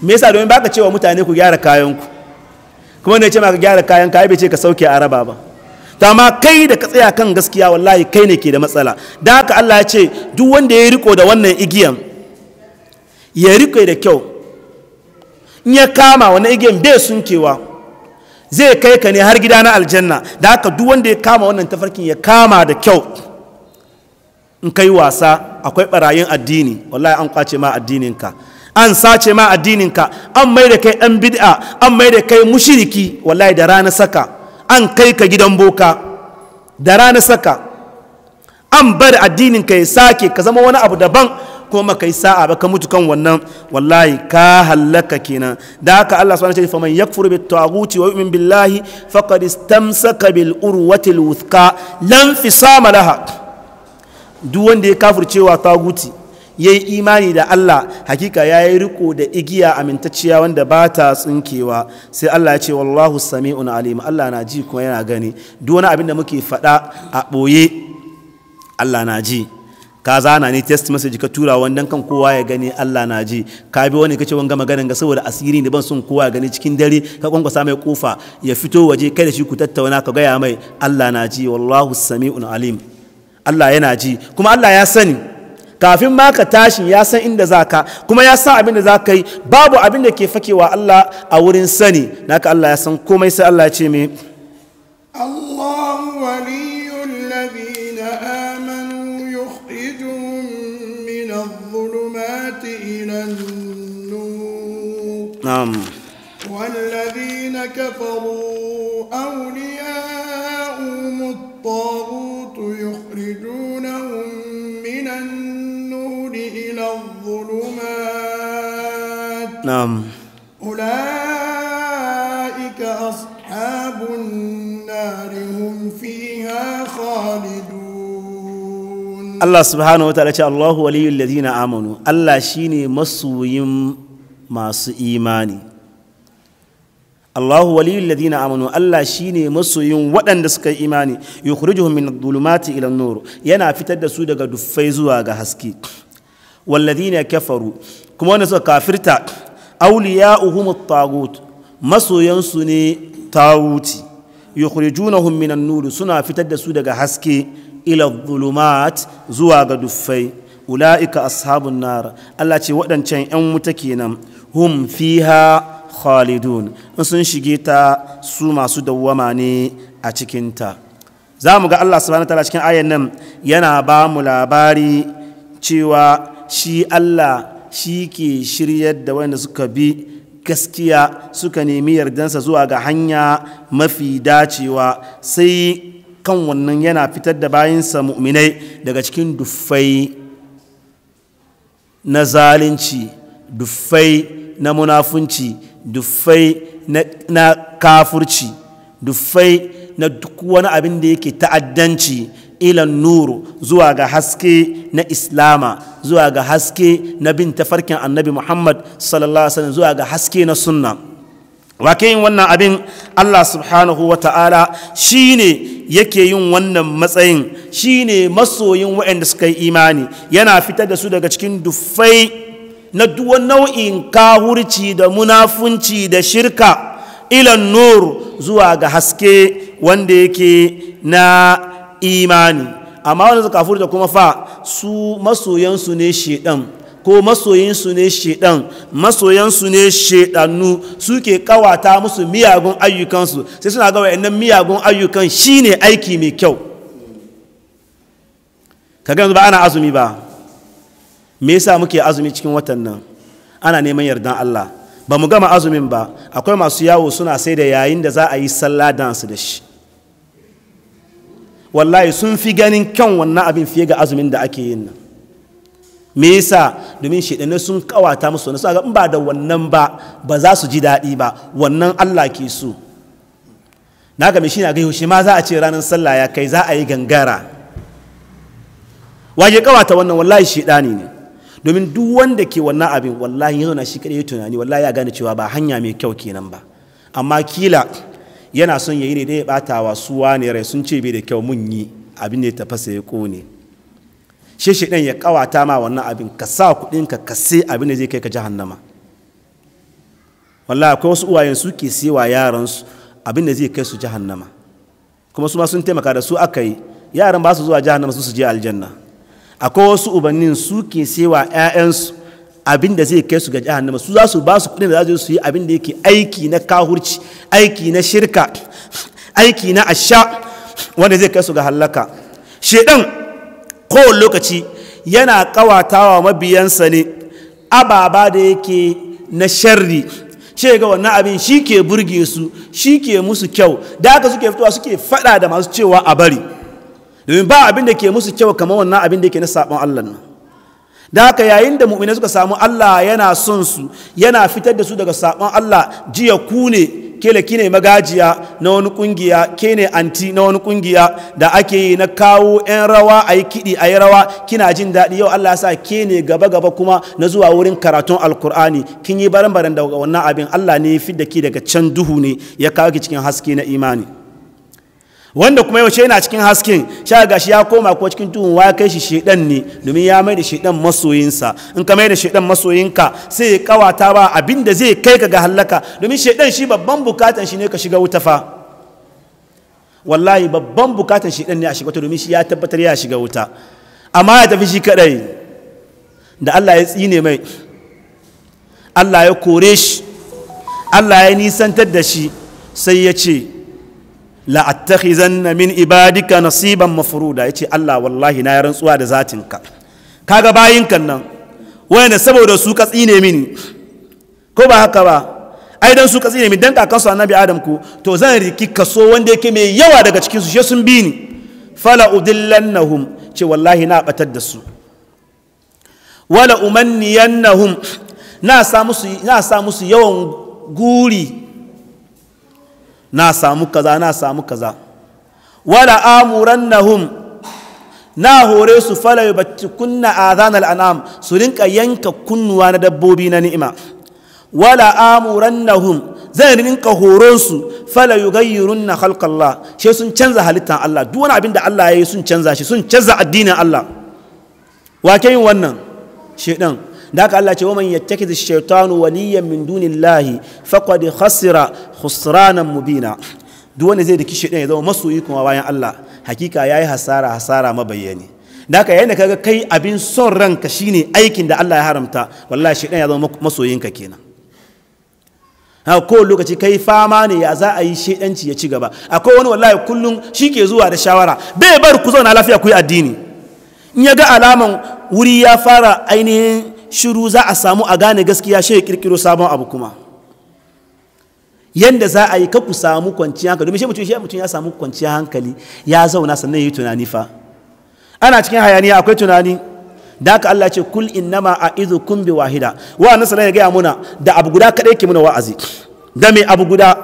me yasa domin baka cewa mutane ku gyara kayanku kuma ne ce ma ka gyara kayan ka bai ce ka sauke a raba ba ta ma kai da ka tsaya kan gaskiya wallahi kai ne ke da matsala da haka Allah ya ce duk wanda ya riko da wannan igiyan ya riko da kyau in ya kama wannan igiyan bai sunkewa zai kai ka ne har gida na aljanna da haka duk wanda ya kama wannan tafarkin ya kama da kyau in kai wasa akwai barayin addini wallahi an kwace ma addininka an sace ma addininka an mai da kai ɗan bid'a an mai da kai mushiriki wallahi da rana saka an kai ka gidan boka da rana saka an bar addininka ya sake ka zama wani abu daban kuma kai sa'a ba ka mutu kan wannan wallahi ka hallaka kenan da haka Allah subhanahu wa ta'ala faman yakfur bit taghuti wa yu'min billahi faqad istamsaka bil urwatil wuthqa lan fisama duk wanda ya kafircewa taguti ya yi imani da Allah hakika ya yi riko da igiya amintacciya wanda ba ta tsinkewa sai Allah ya ce wallahu sami'un alim Allah na ji kuma yana gani duk wani abin da muke faɗa a ɓoye Allah na ji ka zana ne test message ka tura wannan kan kowa ya gani Allah na ji ka bi wani kace wanga maganar ga saboda asiri ne ban son kowa ya gani cikin dare ka kwankwasa mai kofa ya fito waje kai da shi ku tattauna ka gaya mai Allah na ji wallahu sami'un alim Allah yana ji kuma Allah ya sani kafin ma ka tashi ya san inda za ka kuma ya san abin da za ka yi babu abin da ke fakewa Allah a wurin sani naka Allah ya san komai sai Allah ya ce mai Allahu waliyul ladina amanu yukhrijuhum min adh-dhulumati ila nur والذين كفروا أولياؤهم الطاغوت نعم أولئك أصحاب النار هم فيها خالدون الله سبحانه وتعالى الله ولي الذين آمنوا الله شيني masu imani Allahu waliyul ladina amanu Allah shine masoyin waɗanda suka yi imani yukhrijuhum min adh ila an-nur yana fitar da su daga duffai zuwa ga haske walladina kafaru kuma wanda suka kafirta auliya at-tagut masoyansu ne tawuti juna minan nur suna fitar da su daga haske ila zulumat zuwa ga duffai ula'ika ashabun nar Allah ce waɗancan 'yan wuta kenan hum fiha khalidun in sun shige ta su masu dawwama ne a cikinta za mu ga Allah subhanahu ta'ala cikin ayan nan yana ba mu labari cewa shi Allah shi ke shiryar da wanda suka bi gaskiya suka nemi yardansa zuwa ga hanya mafi dacewa sai kan wannan yana fitar da bayansa mu'minai daga cikin duffai na zalunci duffai na munafunci duffai na kafurci duffai na duk wani abin da yake ta'addanci ilan nuru zuwa ga haske na islama zuwa ga haske na bin tafarkin annabi muhammad sallallahu alaihi wasallam zuwa ga haske na sunna wake yin wannan abin allah subhanahu wa ta'ala shi ne yake yin wannan matsayin shi ne masoyin waɗanda suka yi imani yana fitar da su daga cikin dufai na duwa nau'in kahurci da munafunci da shirka ilan nur zuwa ga haske wanda yake na imani amma wanda suka furta kuma fa su masoyansu ne shedan ko masoyinsu ne shedan masoyansu ne shedannu suke kawata musu miyagun ayyukansu sai suna ga wayannan miyagun ayyukan shine aiki mai kyau kaga yanzu ba ana azumi ba me yasa muke azumi cikin watan nan ana neman yardan Allah ba mu gama azumin ba akwai masu yawo suna sai da yayin da za a yi sallah dansu da shi wallahi sun fi ganin kyan wannan abin fiye ga azumin da ake yin nan me yasa domin shaidane sun kawata musu wani suka in ba da wannan ba ba za su ji daɗi ba wannan Allah ke so na ga shi na ga shi ma za a ce ranar sallah ya kai za a yi gangara waje kawata wannan wallahi ni ne domin duk wanda ke wannan abin wallahi ya zauna shi kadai ya tunani wallahi ya gane cewa ba hanya mai kyau kenan ba amma kila yana son yayi ne da ya bata wa suwa ne rai sun ce bai da kyau mun yi abin ne ta fasa ya kone shi shi ya kawata ma wannan abin ka sa kuɗin ka ka sai abin da zai kai ka jahannama wallahi akwai wasu uwayen su ke wa yaran su abin da zai kai su jahannama kuma su ma sun taimaka da su aka yi yaran ba su zuwa jahannama su su je aljanna akwai wasu ubannin su ke wa 'ya'yansu abin da zai kai su ga jahannama su za su ba su kudin da za su yi abin da yake aiki na kahurci aiki na shirka aiki na asha wanda zai kai su ga hallaka shedan kowane lokaci yana kawatawa mabiyansa ne ababa da yake na sharri shi ga wannan abin shi ke burge su shi ke musu kyau da haka suke fitowa suke fada da masu cewa a bari domin ba abin da ke musu kyau kamar wannan abin da yake na sabon allah nan da haka yayin da mu'mina suka samu Allah yana son su yana fitar da su daga saƙon Allah jiya ku ne kele kine magajiya na wani kungiya ke ne anti na wani kungiya da ake yi na kawo 'yan rawa a yi kiɗi a yi rawa kina jin daɗi yau Allah sa ke ne gaba gaba kuma na zuwa wurin karatun alkur'ani kin yi baran baran daga wannan abin Allah ne ya fi da ki daga can duhu ne ya kawo ki cikin haske na imani wanda kuma yaushe yana cikin hasken sha ga shi ya koma ko cikin tuhun wa kai shi shedan ne domin ya mai da shedan masoyinsa in ka mai da shedan masoyinka sai ya kawata ba abin da zai kai ka ga hallaka domin shedan shi babban bukatan shi ne ka shiga wuta fa wallahi babban bukatan shedan ne a shiga wuta domin shi ya tabbatar ya shiga wuta amma ya tafi shi kadai da Allah ya tsine mai Allah ya kore shi Allah ya nisantar da shi sai ya ce la'attakhizanna min ibadika nasiban mafruda yace Allah wallahi na rantsuwa da zatinka kaga kan nan wayanda saboda su ka tsine mini ko ba haka ba ai dan su ka tsine mini dan kakansu annabi adam ko to zan riki kaso wanda yake mai yawa daga cikin su she sun bi ni fala udillannahum ce wallahi na batar da su wala umanniyannahum na sa musu na sa musu yawan guri na samu kaza na samu kaza wala amurannahum na hore su fala yubtikunna adhan al'anam su rinka yanka kunnuwa na dabbobi na ni'ima wala amurannahum zan rinka horon su fala yughayyirunna khalqallah she sun canza halittan Allah duk wani abin da Allah ya yi sun canza shi sun canza addinin Allah wa ke yin wannan shedan da haka Allah ce wa man yattakiz shaytanu waliyan min dunillahi faqad khasira khusranan mubina duk wanda zai daki shaytan ya zama masoyi kuma bayan Allah hakika yayi hasara hasara mabayyani da haka yayin da kaga kai abin son ranka shine aikin da Allah ya haramta wallahi shaytan ya zama masoyinka kenan Ko ko lokaci kai fama ne ya za a yi shaidanci ya ci gaba akwai wani wallahi kullum shi ke zuwa da shawara bai bar ku zauna lafiya ku yi addini in ya ga alaman wuri ya fara ainihin shiru za a samu a gane gaskiya shi ya kirkiro sabon abu kuma yadda za a yi ka ku samu kwanciya hankali domin shi mutum shi mutum ya samu kwanciya hankali ya zauna sannan ya yi tunani fa ana cikin hayaniya akwai tunani da aka Allah ce kul a izo kun bi wahida wa annas ya gaya muna da abu guda kadai ke muna wa'azi da mai abu guda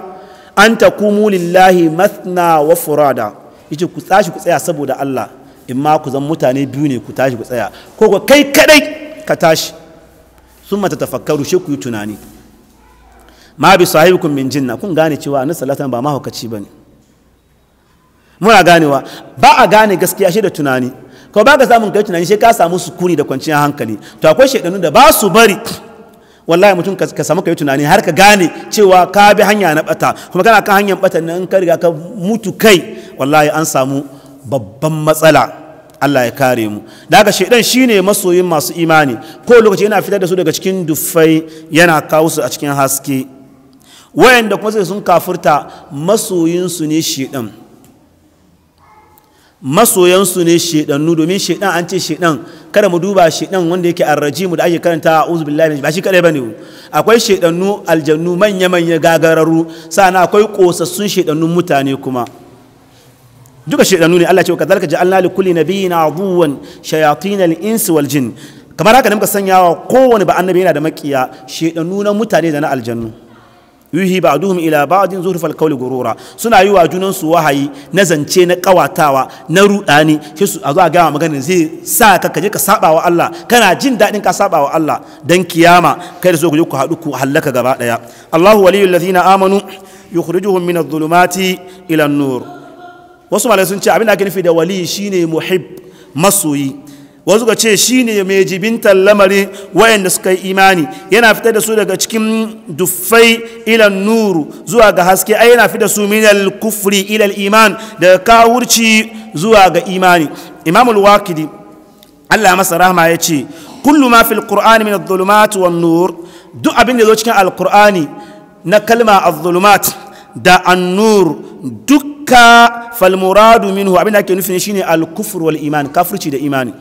an takumu lillahi mathna wa furada yace ku tashi ku tsaya saboda Allah in ma ku zan mutane biyu ne ku tashi ku tsaya ko kai kaɗai. ka tashi sun mata tafakkaru shi ku yi tunani ma bi kun min jinna kun gane cewa annabi salatan ba mahaukaci ne muna ganewa ba a gane gaskiya shi da tunani kawai ba ka samun kai tunani shi ka samu sukuni da kwanciyar hankali to akwai shaidanu da ba su bari wallahi mutum ka samu kai tunani har ka gane cewa ka bi hanya na bata kuma kana kan hanyar bata nan ka riga ka mutu kai wallahi an samu babban matsala Allah ya kare mu daga shaidan shine masoyin masu imani ko lokaci yana fitar da su daga cikin dufai yana kawo su a cikin haske wayanda kuma sai sun kafurta masoyinsu ne shaidan masoyansu ne shaidannu domin shaidan an ce shaidan kada mu duba shaidan wanda yake arrajimu da ake karanta a uzu billahi ba shi kadai bane akwai shaidannu aljannu manya manya gagararru sana akwai kosassun shaidannun mutane kuma duka shaidanu ne Allah ce kazalika ja'alna li kulli nabiyyin aduwan shayatin al-insi wal jin kamar haka ne muka sanya wa kowane ba annabi yana da makiya shaidanu na mutane da na aljannu yuhi ba'duhum ila ba'din zuhrufal qawli gurura suna yi wa junan su wahayi na zance na kawatawa na rudani shi su a zo a gama maganin zai sa ka kaje ka saba wa Allah kana jin dadin ka saba wa Allah dan kiyama kai da so ku je ku haɗu ku hallaka gaba daya Allahu waliyul ladina amanu yukhrijuhum min adh-dhulumati ila an-nur wasu malai sun ce abin da ake nufi da wali shine muhib masoyi wasu ga ce shine mai jibintar lamarin wayanda suka yi imani yana fitar da su daga cikin duffai ilan nuru zuwa ga haske ai yana fitar da su minal kufri ilal iman da kawurci zuwa ga imani imamul wakidi Allah masa rahma ya ce kullu ma fil qur'ani min adh-dhulumat nur duk abin da zo cikin alqur'ani na kalma adh da an-nur dukka falmuradu minhu abinda ake nufin shine ne wal iman kafurci da imani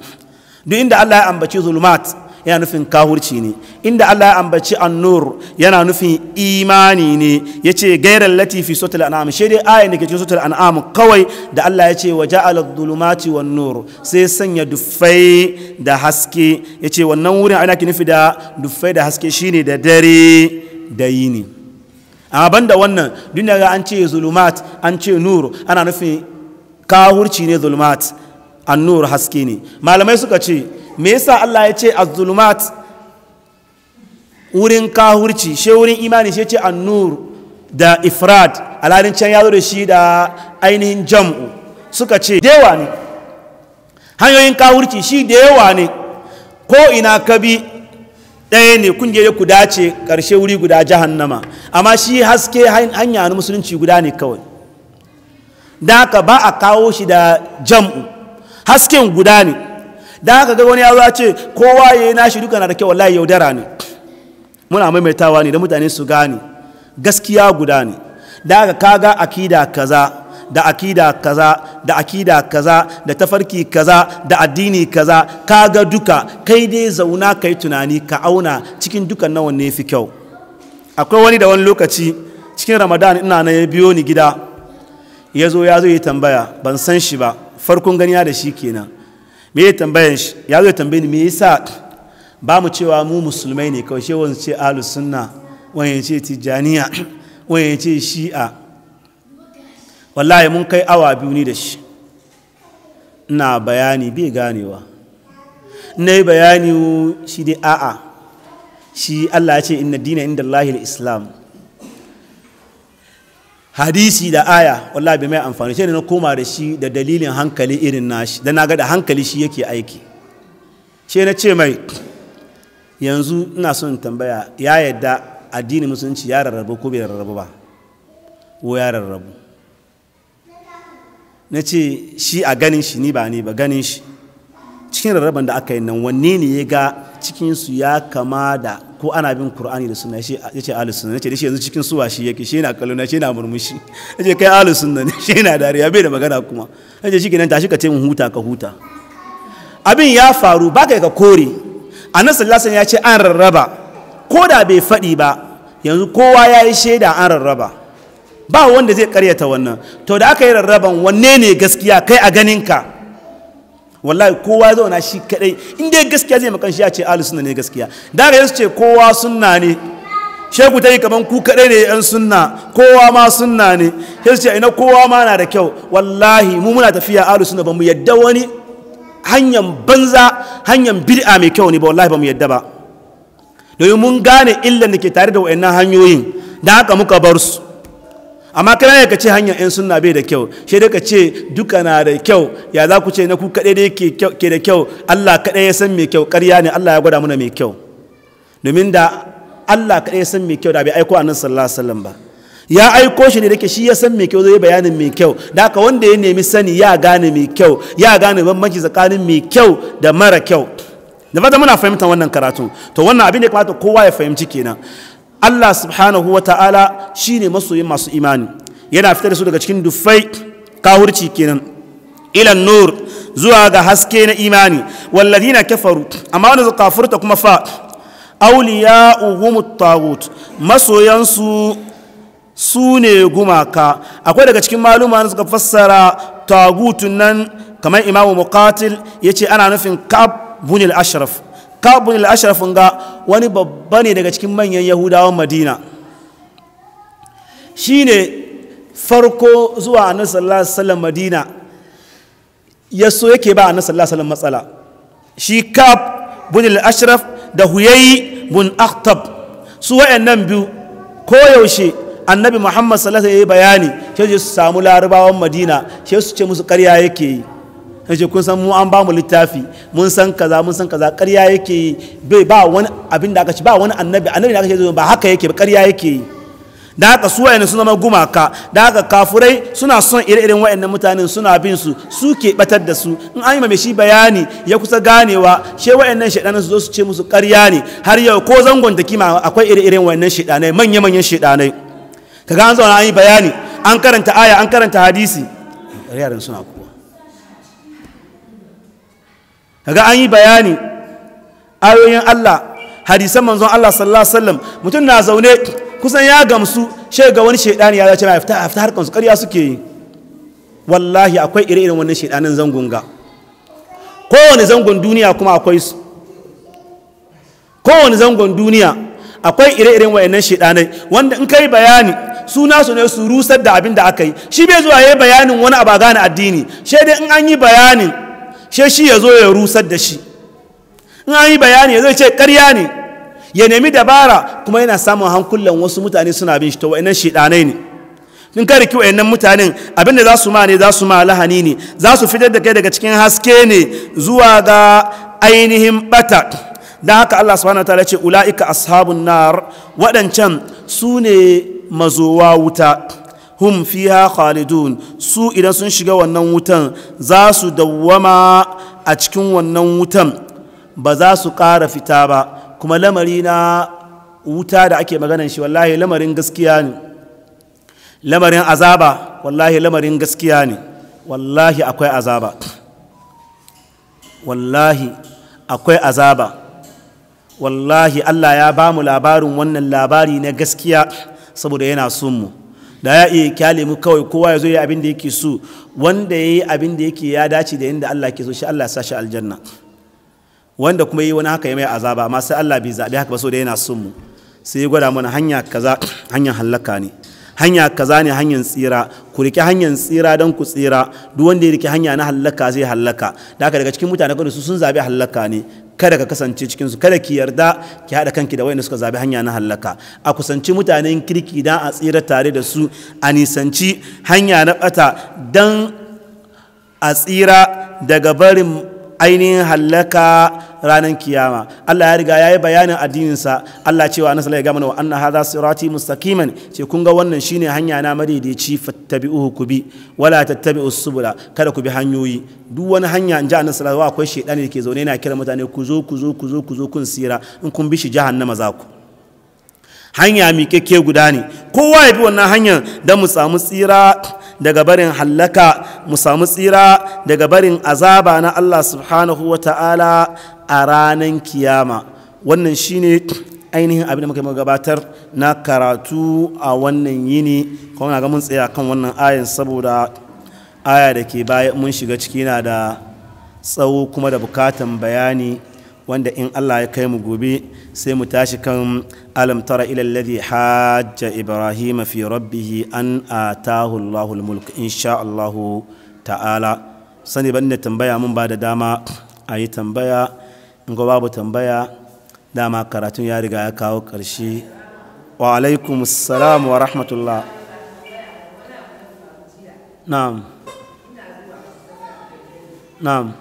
duk inda Allah ya ambaci zulumat yana nufin kahurci ne inda Allah ya ambaci annur yana nufin imani ne ya ce gairar latifi sotar an'am shi dai ayin da ke cikin sotar an'am kawai da Allah ya ce wa ja'ala dhulumati wan nur sai sanya dufai da haske ya ce wannan wurin ana ke nufi da dufai da haske shine da dare da yini amma banda wannan duniya ga an ce zulumat an ce nur ana nufin kawurci ne zulumat an nur haske ne malamai suka ce me yasa Allah ya ce az-zulumat wurin kahurci she wurin imani she ce an nur da ifrad alalin can ya zo da shi da ainihin jam'u suka ce dewa ne hanyoyin kawurci shi da yawa ne ko ina kabi ɗaya ne kungiyar ku dace ƙarshe wuri guda jahannama amma shi haske hanya na musulunci guda ne kawai da haka ba a kawo shi da jam'u hasken guda ne da haka ga wani ya ce kowa ya yi nashi duka na da kyau wallahi yaudara ne muna maimaitawa ne da mutane su gane gaskiya guda ne da haka kaga akida kaza da akida kaza da akida kaza da tafarki kaza da addini kaza Ka ga duka kai dai zauna kai tunani ka auna cikin dukan nawa ne fi kyau akwai wani da wani lokaci cikin ramadan ina na biyo ni gida ya zo ya zo yi tambaya ban san shi ba farkon ganiya da shi kenan me ya tambaya shi ya zo ya tambaye ni me yasa ba mu cewa mu musulmai ne kawai shi wani ce ahlus sunna wani ce tijaniya wani ce shi'a wallahi mun kai awa biyu ni da shi ina bayani bai ganewa na yi bayani shi dai a'a shi Allah ya ce inna dina inda Allah islam hadisi da aya wallahi bai mai amfani shi ne na koma da shi da dalilin hankali irin nashi da na ga da hankali shi yake aiki shi na ce mai yanzu ina son tambaya ya yadda addinin musulunci ya rarrabu ko bai rarrabu ba ko ya rarrabu na ce shi a ganin shi ni ba ni ba ganin shi cikin rarraban da aka yi nan wanne ne ya ga cikinsu ya kama da ko ana bin Kur'ani da suna ya ce ahli sunna ce shi yanzu cikin suwa shi yake shi yana kallo na shi yana murmushi ya ce kai ahli sunna ne shi yana dariya bai da magana kuma ya ce ta tashi ka ce mun huta ka huta abin ya faru ba kai ka kore annabi sallallahu ya ce an rarraba ko da bai faɗi ba yanzu kowa ya yi shaida an rarraba ba wanda zai karyata wannan to da aka yi rarraban wanne ne gaskiya kai a ganinka wallahi kowa zauna shi kadai in dai gaskiya zai makan shi ya ce ahli sunna ne gaskiya da ga ce kowa sunna ne shegu ta yi kamar ku kadai ne yan sunna kowa ma sunna ne yansu ce ina kowa ma na da kyau wallahi mu muna tafiya ahli sunna ba mu yadda wani hanyar banza hanyar bid'a mai kyau ne ba wallahi ba mu yadda ba domin mun gane illan da ke tare da wayannan hanyoyin da haka muka bar su amma kana ya ka hanyar yan suna bai da kyau shi da ka ce duka na da kyau ya za ku ce na ku kaɗai dai ke da kyau Allah kaɗai ya san mai kyau ƙarya ne Allah ya gwada mana mai kyau domin da Allah kaɗai ya san mai kyau da bai aiko annabi sallallahu alaihi wasallam ba ya aiko shi ne dake shi ya san mai kyau zai bayanin mai kyau da haka wanda ya nemi sani ya gane mai kyau ya gane bambanci tsakanin mai kyau da mara kyau da fata muna fahimtar wannan karatu to wannan abin da ya kamata kowa ya fahimci kenan Allah subhanahu wa ta'ala shi ne masoyin masu imani yana fitar da su daga cikin dufai kawurci kenan ilan nur zuwa ga haske na imani wallazi na kafaru amma wani suka kuma fa auliya uhumut tagut masoyansu su ne gumaka akwai daga cikin maluma da suka fassara tagutun nan kamar imamu mukatil ya ce ana nufin kab bunil ashraf kabun al'ashrafin ga wani babba ne daga cikin manyan yahudawan madina shi ne farko zuwa a sallallahu madina ya so yake ba a sallallahu matsala shi kab bin da huyayi bin aktab su nan biyu koyaushe annabi muhammad sallallahu ya yi bayani shi su samu larabawan madina shi su ce musu ƙarya yake yi ce kun san mu an ba mu littafi mun san kaza mun san kaza ƙarya yake yi bai ba wani abin da aka ci ba wani annabi annabi da aka ce ba haka yake ba ƙarya yake yi da haka su wayannan suna zama gumaka da haka kafurai suna son ire-iren wayannan mutanen suna bin su su ke batar da su in an yi mai shi bayani ya kusa ganewa she wayannan shaidanan su zo su ce musu ƙarya ne har yau ko zangon da kima akwai ire-iren wayannan shaidanai manya-manyan ka kaga an zauna an yi bayani an karanta aya an karanta hadisi ƙaryaren suna ku kaga an yi bayani ayoyin Allah hadisan manzon Allah sallallahu alaihi wasallam mutum na zaune kusan ya gamsu shi ga wani shedani ya zace mai fita fita harkan su ƙarya suke yi wallahi akwai ire-iren wannan shedanin zangon ga kowane zangon duniya kuma akwai su kowane zangon duniya akwai ire-iren wayannan shedanai wanda in kai bayani suna su ne su rusar da abin da aka yi shi bai zuwa yayi bayanin wani abu gane addini shi dai in an yi bayanin she shi ya zo ya rusar da shi in an yi bayani ya zai ce karya ne ya nemi dabara kuma yana samun hankulan wasu mutane suna bin shi ta wa'annan shiɗanai ne in ka riki wa'annan mutanen abinda za su ma ne za su ma lahani ne za su fitar da kai daga cikin haske ne zuwa ga ainihin bata don haka Allah subhanahu wa ta'ala ce ula'ika ashabun nar waɗancan su ne mazowa wuta hum fiha khalidun su idan sun shiga wannan wutan za su dawwama a cikin wannan wutan ba za su ƙara fita ba kuma lamari na wuta da ake maganan shi wallahi lamarin gaskiya ne lamarin azaba wallahi lamarin gaskiya ne wallahi akwai azaba wallahi akwai azaba wallahi Allah ya ba mu labarin wannan labari na gaskiya saboda yana son mu da ya iya kyale mu kawai kowa ya zo ya abin da yake so wanda ya yi abin da yake ya dace da yadda Allah ke so shi Allah ya sa aljanna wanda kuma yi wani haka ya mai azaba amma sai Allah bai zaɓi haka ba so da yana son mu sai ya gwada mana hanya kaza hanyar hallaka ne hanya kaza ne hanyar tsira ku rike hanyar tsira don ku tsira duk wanda ya rike hanya na hallaka zai hallaka da haka daga cikin mutane kudu su sun zabi hallaka ne kada ka kasance cikin su kada ki yarda ki haɗa kanki da wayanda suka zabi hanya na halaka a kusanci mutanen kirki dan a tsira tare da su a nisanci hanya na ɓata dan a tsira daga barin ainihin halaka ranar kiyama Allah ya riga ya yi bayanin addininsa Allah cewa nasu ya gama wa anna hadha sirati mustaqiman ce kun ga wannan shine hanya na madaidaici fattabi'uhu ku bi wala tattabi'u subula kada ku bi hanyoyi duk wani hanya in ji annabi wa akwai shedani da ke zaune yana kira mutane ku zo ku zo ku zo ku zo kun sira in kun bi shi jahannama za ku hanya miƙaƙƙe guda ne kowa ya bi wannan hanyar don mu samu tsira daga barin hallaka mu samu tsira daga barin azaba na Allah subhanahu wa ta'ala a ranar kiyama wannan shine ainihin abin da muka gabatar na karatu a wannan yini kuma na ga mun tsaya kan wannan ayan saboda aya da ke baya mun shiga ciki na da tsawo kuma da bukatan bayani wanda in Allah ya kai mu gobe sai mu tashi kan alam tara ilal alladhi hajja ibrahima fi rabbih an atahu Allahu mulk insha Allah ta'ala sani ban da tambaya mun ba da dama ayi tambaya ngo babu tambaya dama karatun ya riga ya kawo ƙarshe wa alaikum salam wa rahmatullah na'am na'am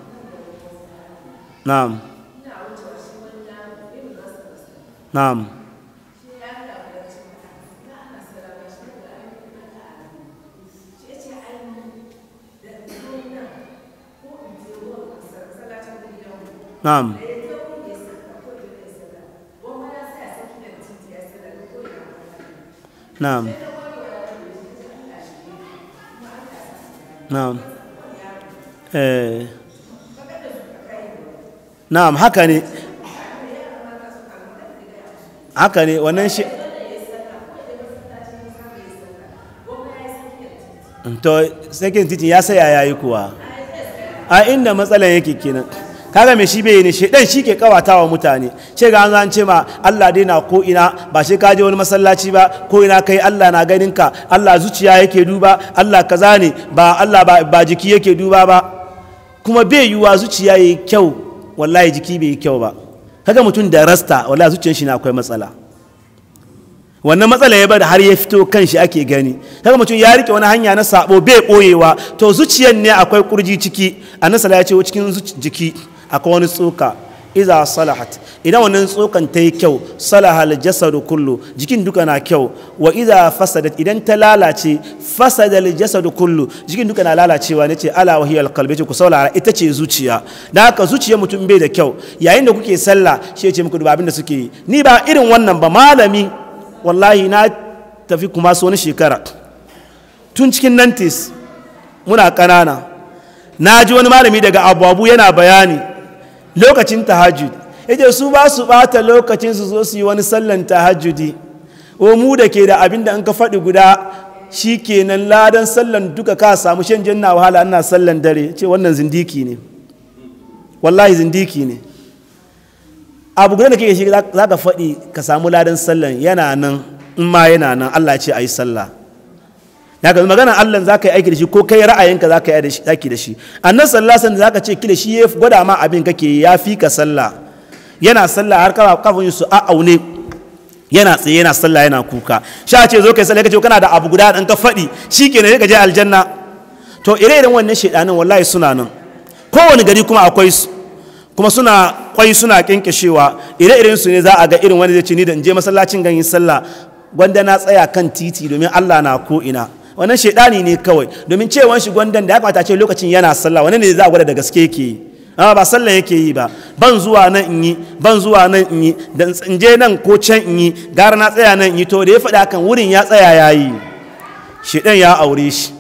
na'am na'am na'am Naam. na'am eh na'am haka ne haka ne wannan shi to second teaching ya sai yayi kuwa a inda matsalan yake kenan kaga me shi bai ne shedan shi ke kawatawa mutane ce ga an ce ma Allah dai na ko ina ba shi ka je wani masallaci ba ko ina kai Allah na ganin ka Allah zuciya yake duba Allah kaza ne ba Allah ba jiki yake duba ba kuma bai yiwa zuciya yayi kyau wallahi jiki bai yi kyau ba kaga mutum da rasta wallahi zuciyar shi na akwai matsala wannan matsala ya bada har ya fito kan shi ake gani kaga mutum ya rike wani hanya na sabo bai koyewa to zuciyar ne akwai kurji ciki annasala ya ce cikin jiki akwai wani tsoka iza salahat idan wannan tsokan ta yi kyau salahal jasadu kullu jikin duka na kyau wa iza fasadat idan ta lalace fasadal jasadu kullu jikin duka na lalacewa ne ce ala wa hiyal kalbi ku saurara ita ce zuciya da haka zuciya mutum bai da kyau yayin da kuke sallah shi ce muku dubabin abin da suke yi ni ba irin wannan ba malami wallahi na tafi kuma so wani shekara tun cikin nantes muna ƙanana na ji wani malami daga abu yana bayani lokacin tahajjudi yace su ba su bata lokacin su zo su yi wani sallan tahajjudi o mu da ke da abin an ka faɗi guda shi kenan ladan sallan duka ka samu shan janna wahala ana sallan dare ce wannan zindiki ne wallahi zindiki ne abu guda da ke shi za ka faɗi ka samu ladan sallan yana nan in ma yana nan allah ce a yi sallah haka magana Allah za ka yi aiki da shi ko kai ra'ayinka za ka yi aiki da shi annan sallah sanda za ka ce kila shi ya gwada ma abin kake ya fi ka sallah yana sallah har kafa kafin su a aune yana tsaye yana sallah yana kuka sha ce zo kai sallah kace kana da abu guda dan ka faɗi shikenan sai ka je aljanna to ire iren wannan shedanin wallahi suna nan kowane gari kuma akwai su kuma suna kwai suna kinkishewa ire iren su ne za a ga irin wani zai ce ni da in je masallacin ganin sallah gwanda na tsaya kan titi domin Allah na ko ina wannan shaidani ne kawai domin cewa shi gwandan da ya kwata ce lokacin yana sallah wani ne za a gwada da gaske yake yi amma ba sallah yake yi ba ban zuwa nan in yi ban zuwa nan in yi dan tsinje nan ko can in yi gara na tsaya nan in yi to da ya faɗi hakan wurin ya tsaya ya yi shaidan ya aure shi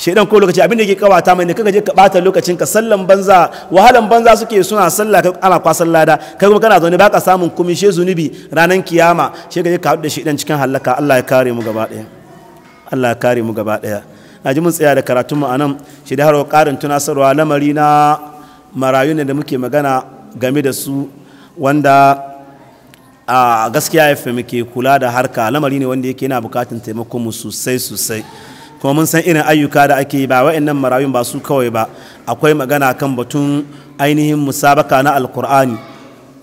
shaidan ko lokaci abin da yake kawata mai ne kaga je ka bata lokacin ka sallan banza wahalan banza suke suna sallah ka ana kwasan lada kai kuma kana zaune baka samun kumishe zunubi ranan kiyama shi ka je ka da shaidan cikin halaka Allah ya kare mu gaba ɗaya Allah kare mu gaba daya na ji mun tsaya da karatun mu anan shi da haro karin tunasarwa lamari na marayun da muke magana game da su wanda a gaskiya ya muke kula da harka lamari ne wanda yake yana bukatun taimakon mu sosai sosai kuma mun san irin ayyuka da ake yi ba wa'annan marayun ba su kawai ba akwai magana kan batun ainihin musabaka na alkur'ani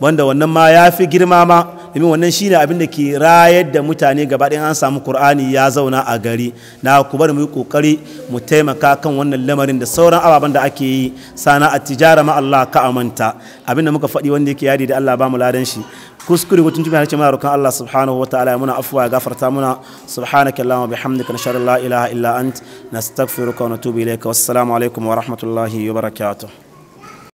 wanda wannan ma ya fi girma ma domin wannan shine abin da ke rayar da mutane gaba ɗaya an samu Qur'ani ya zauna a gari na ku bari mu yi ƙoƙari mu taimaka kan wannan lamarin da sauran ababen da ake yi sana a tijara ma Allah ka amanta abin da muka faɗi wanda yake yadi da Allah ba mu ladan shi kuskure mutum tumi ce muna rukan Allah subhanahu wa ta'ala muna afuwa gafarta muna subhanaka allahumma bihamdika nashhadu an la ilaha illa ant nastaghfiruka wa natubu ilayka wassalamu alaikum wa rahmatullahi wa barakatuh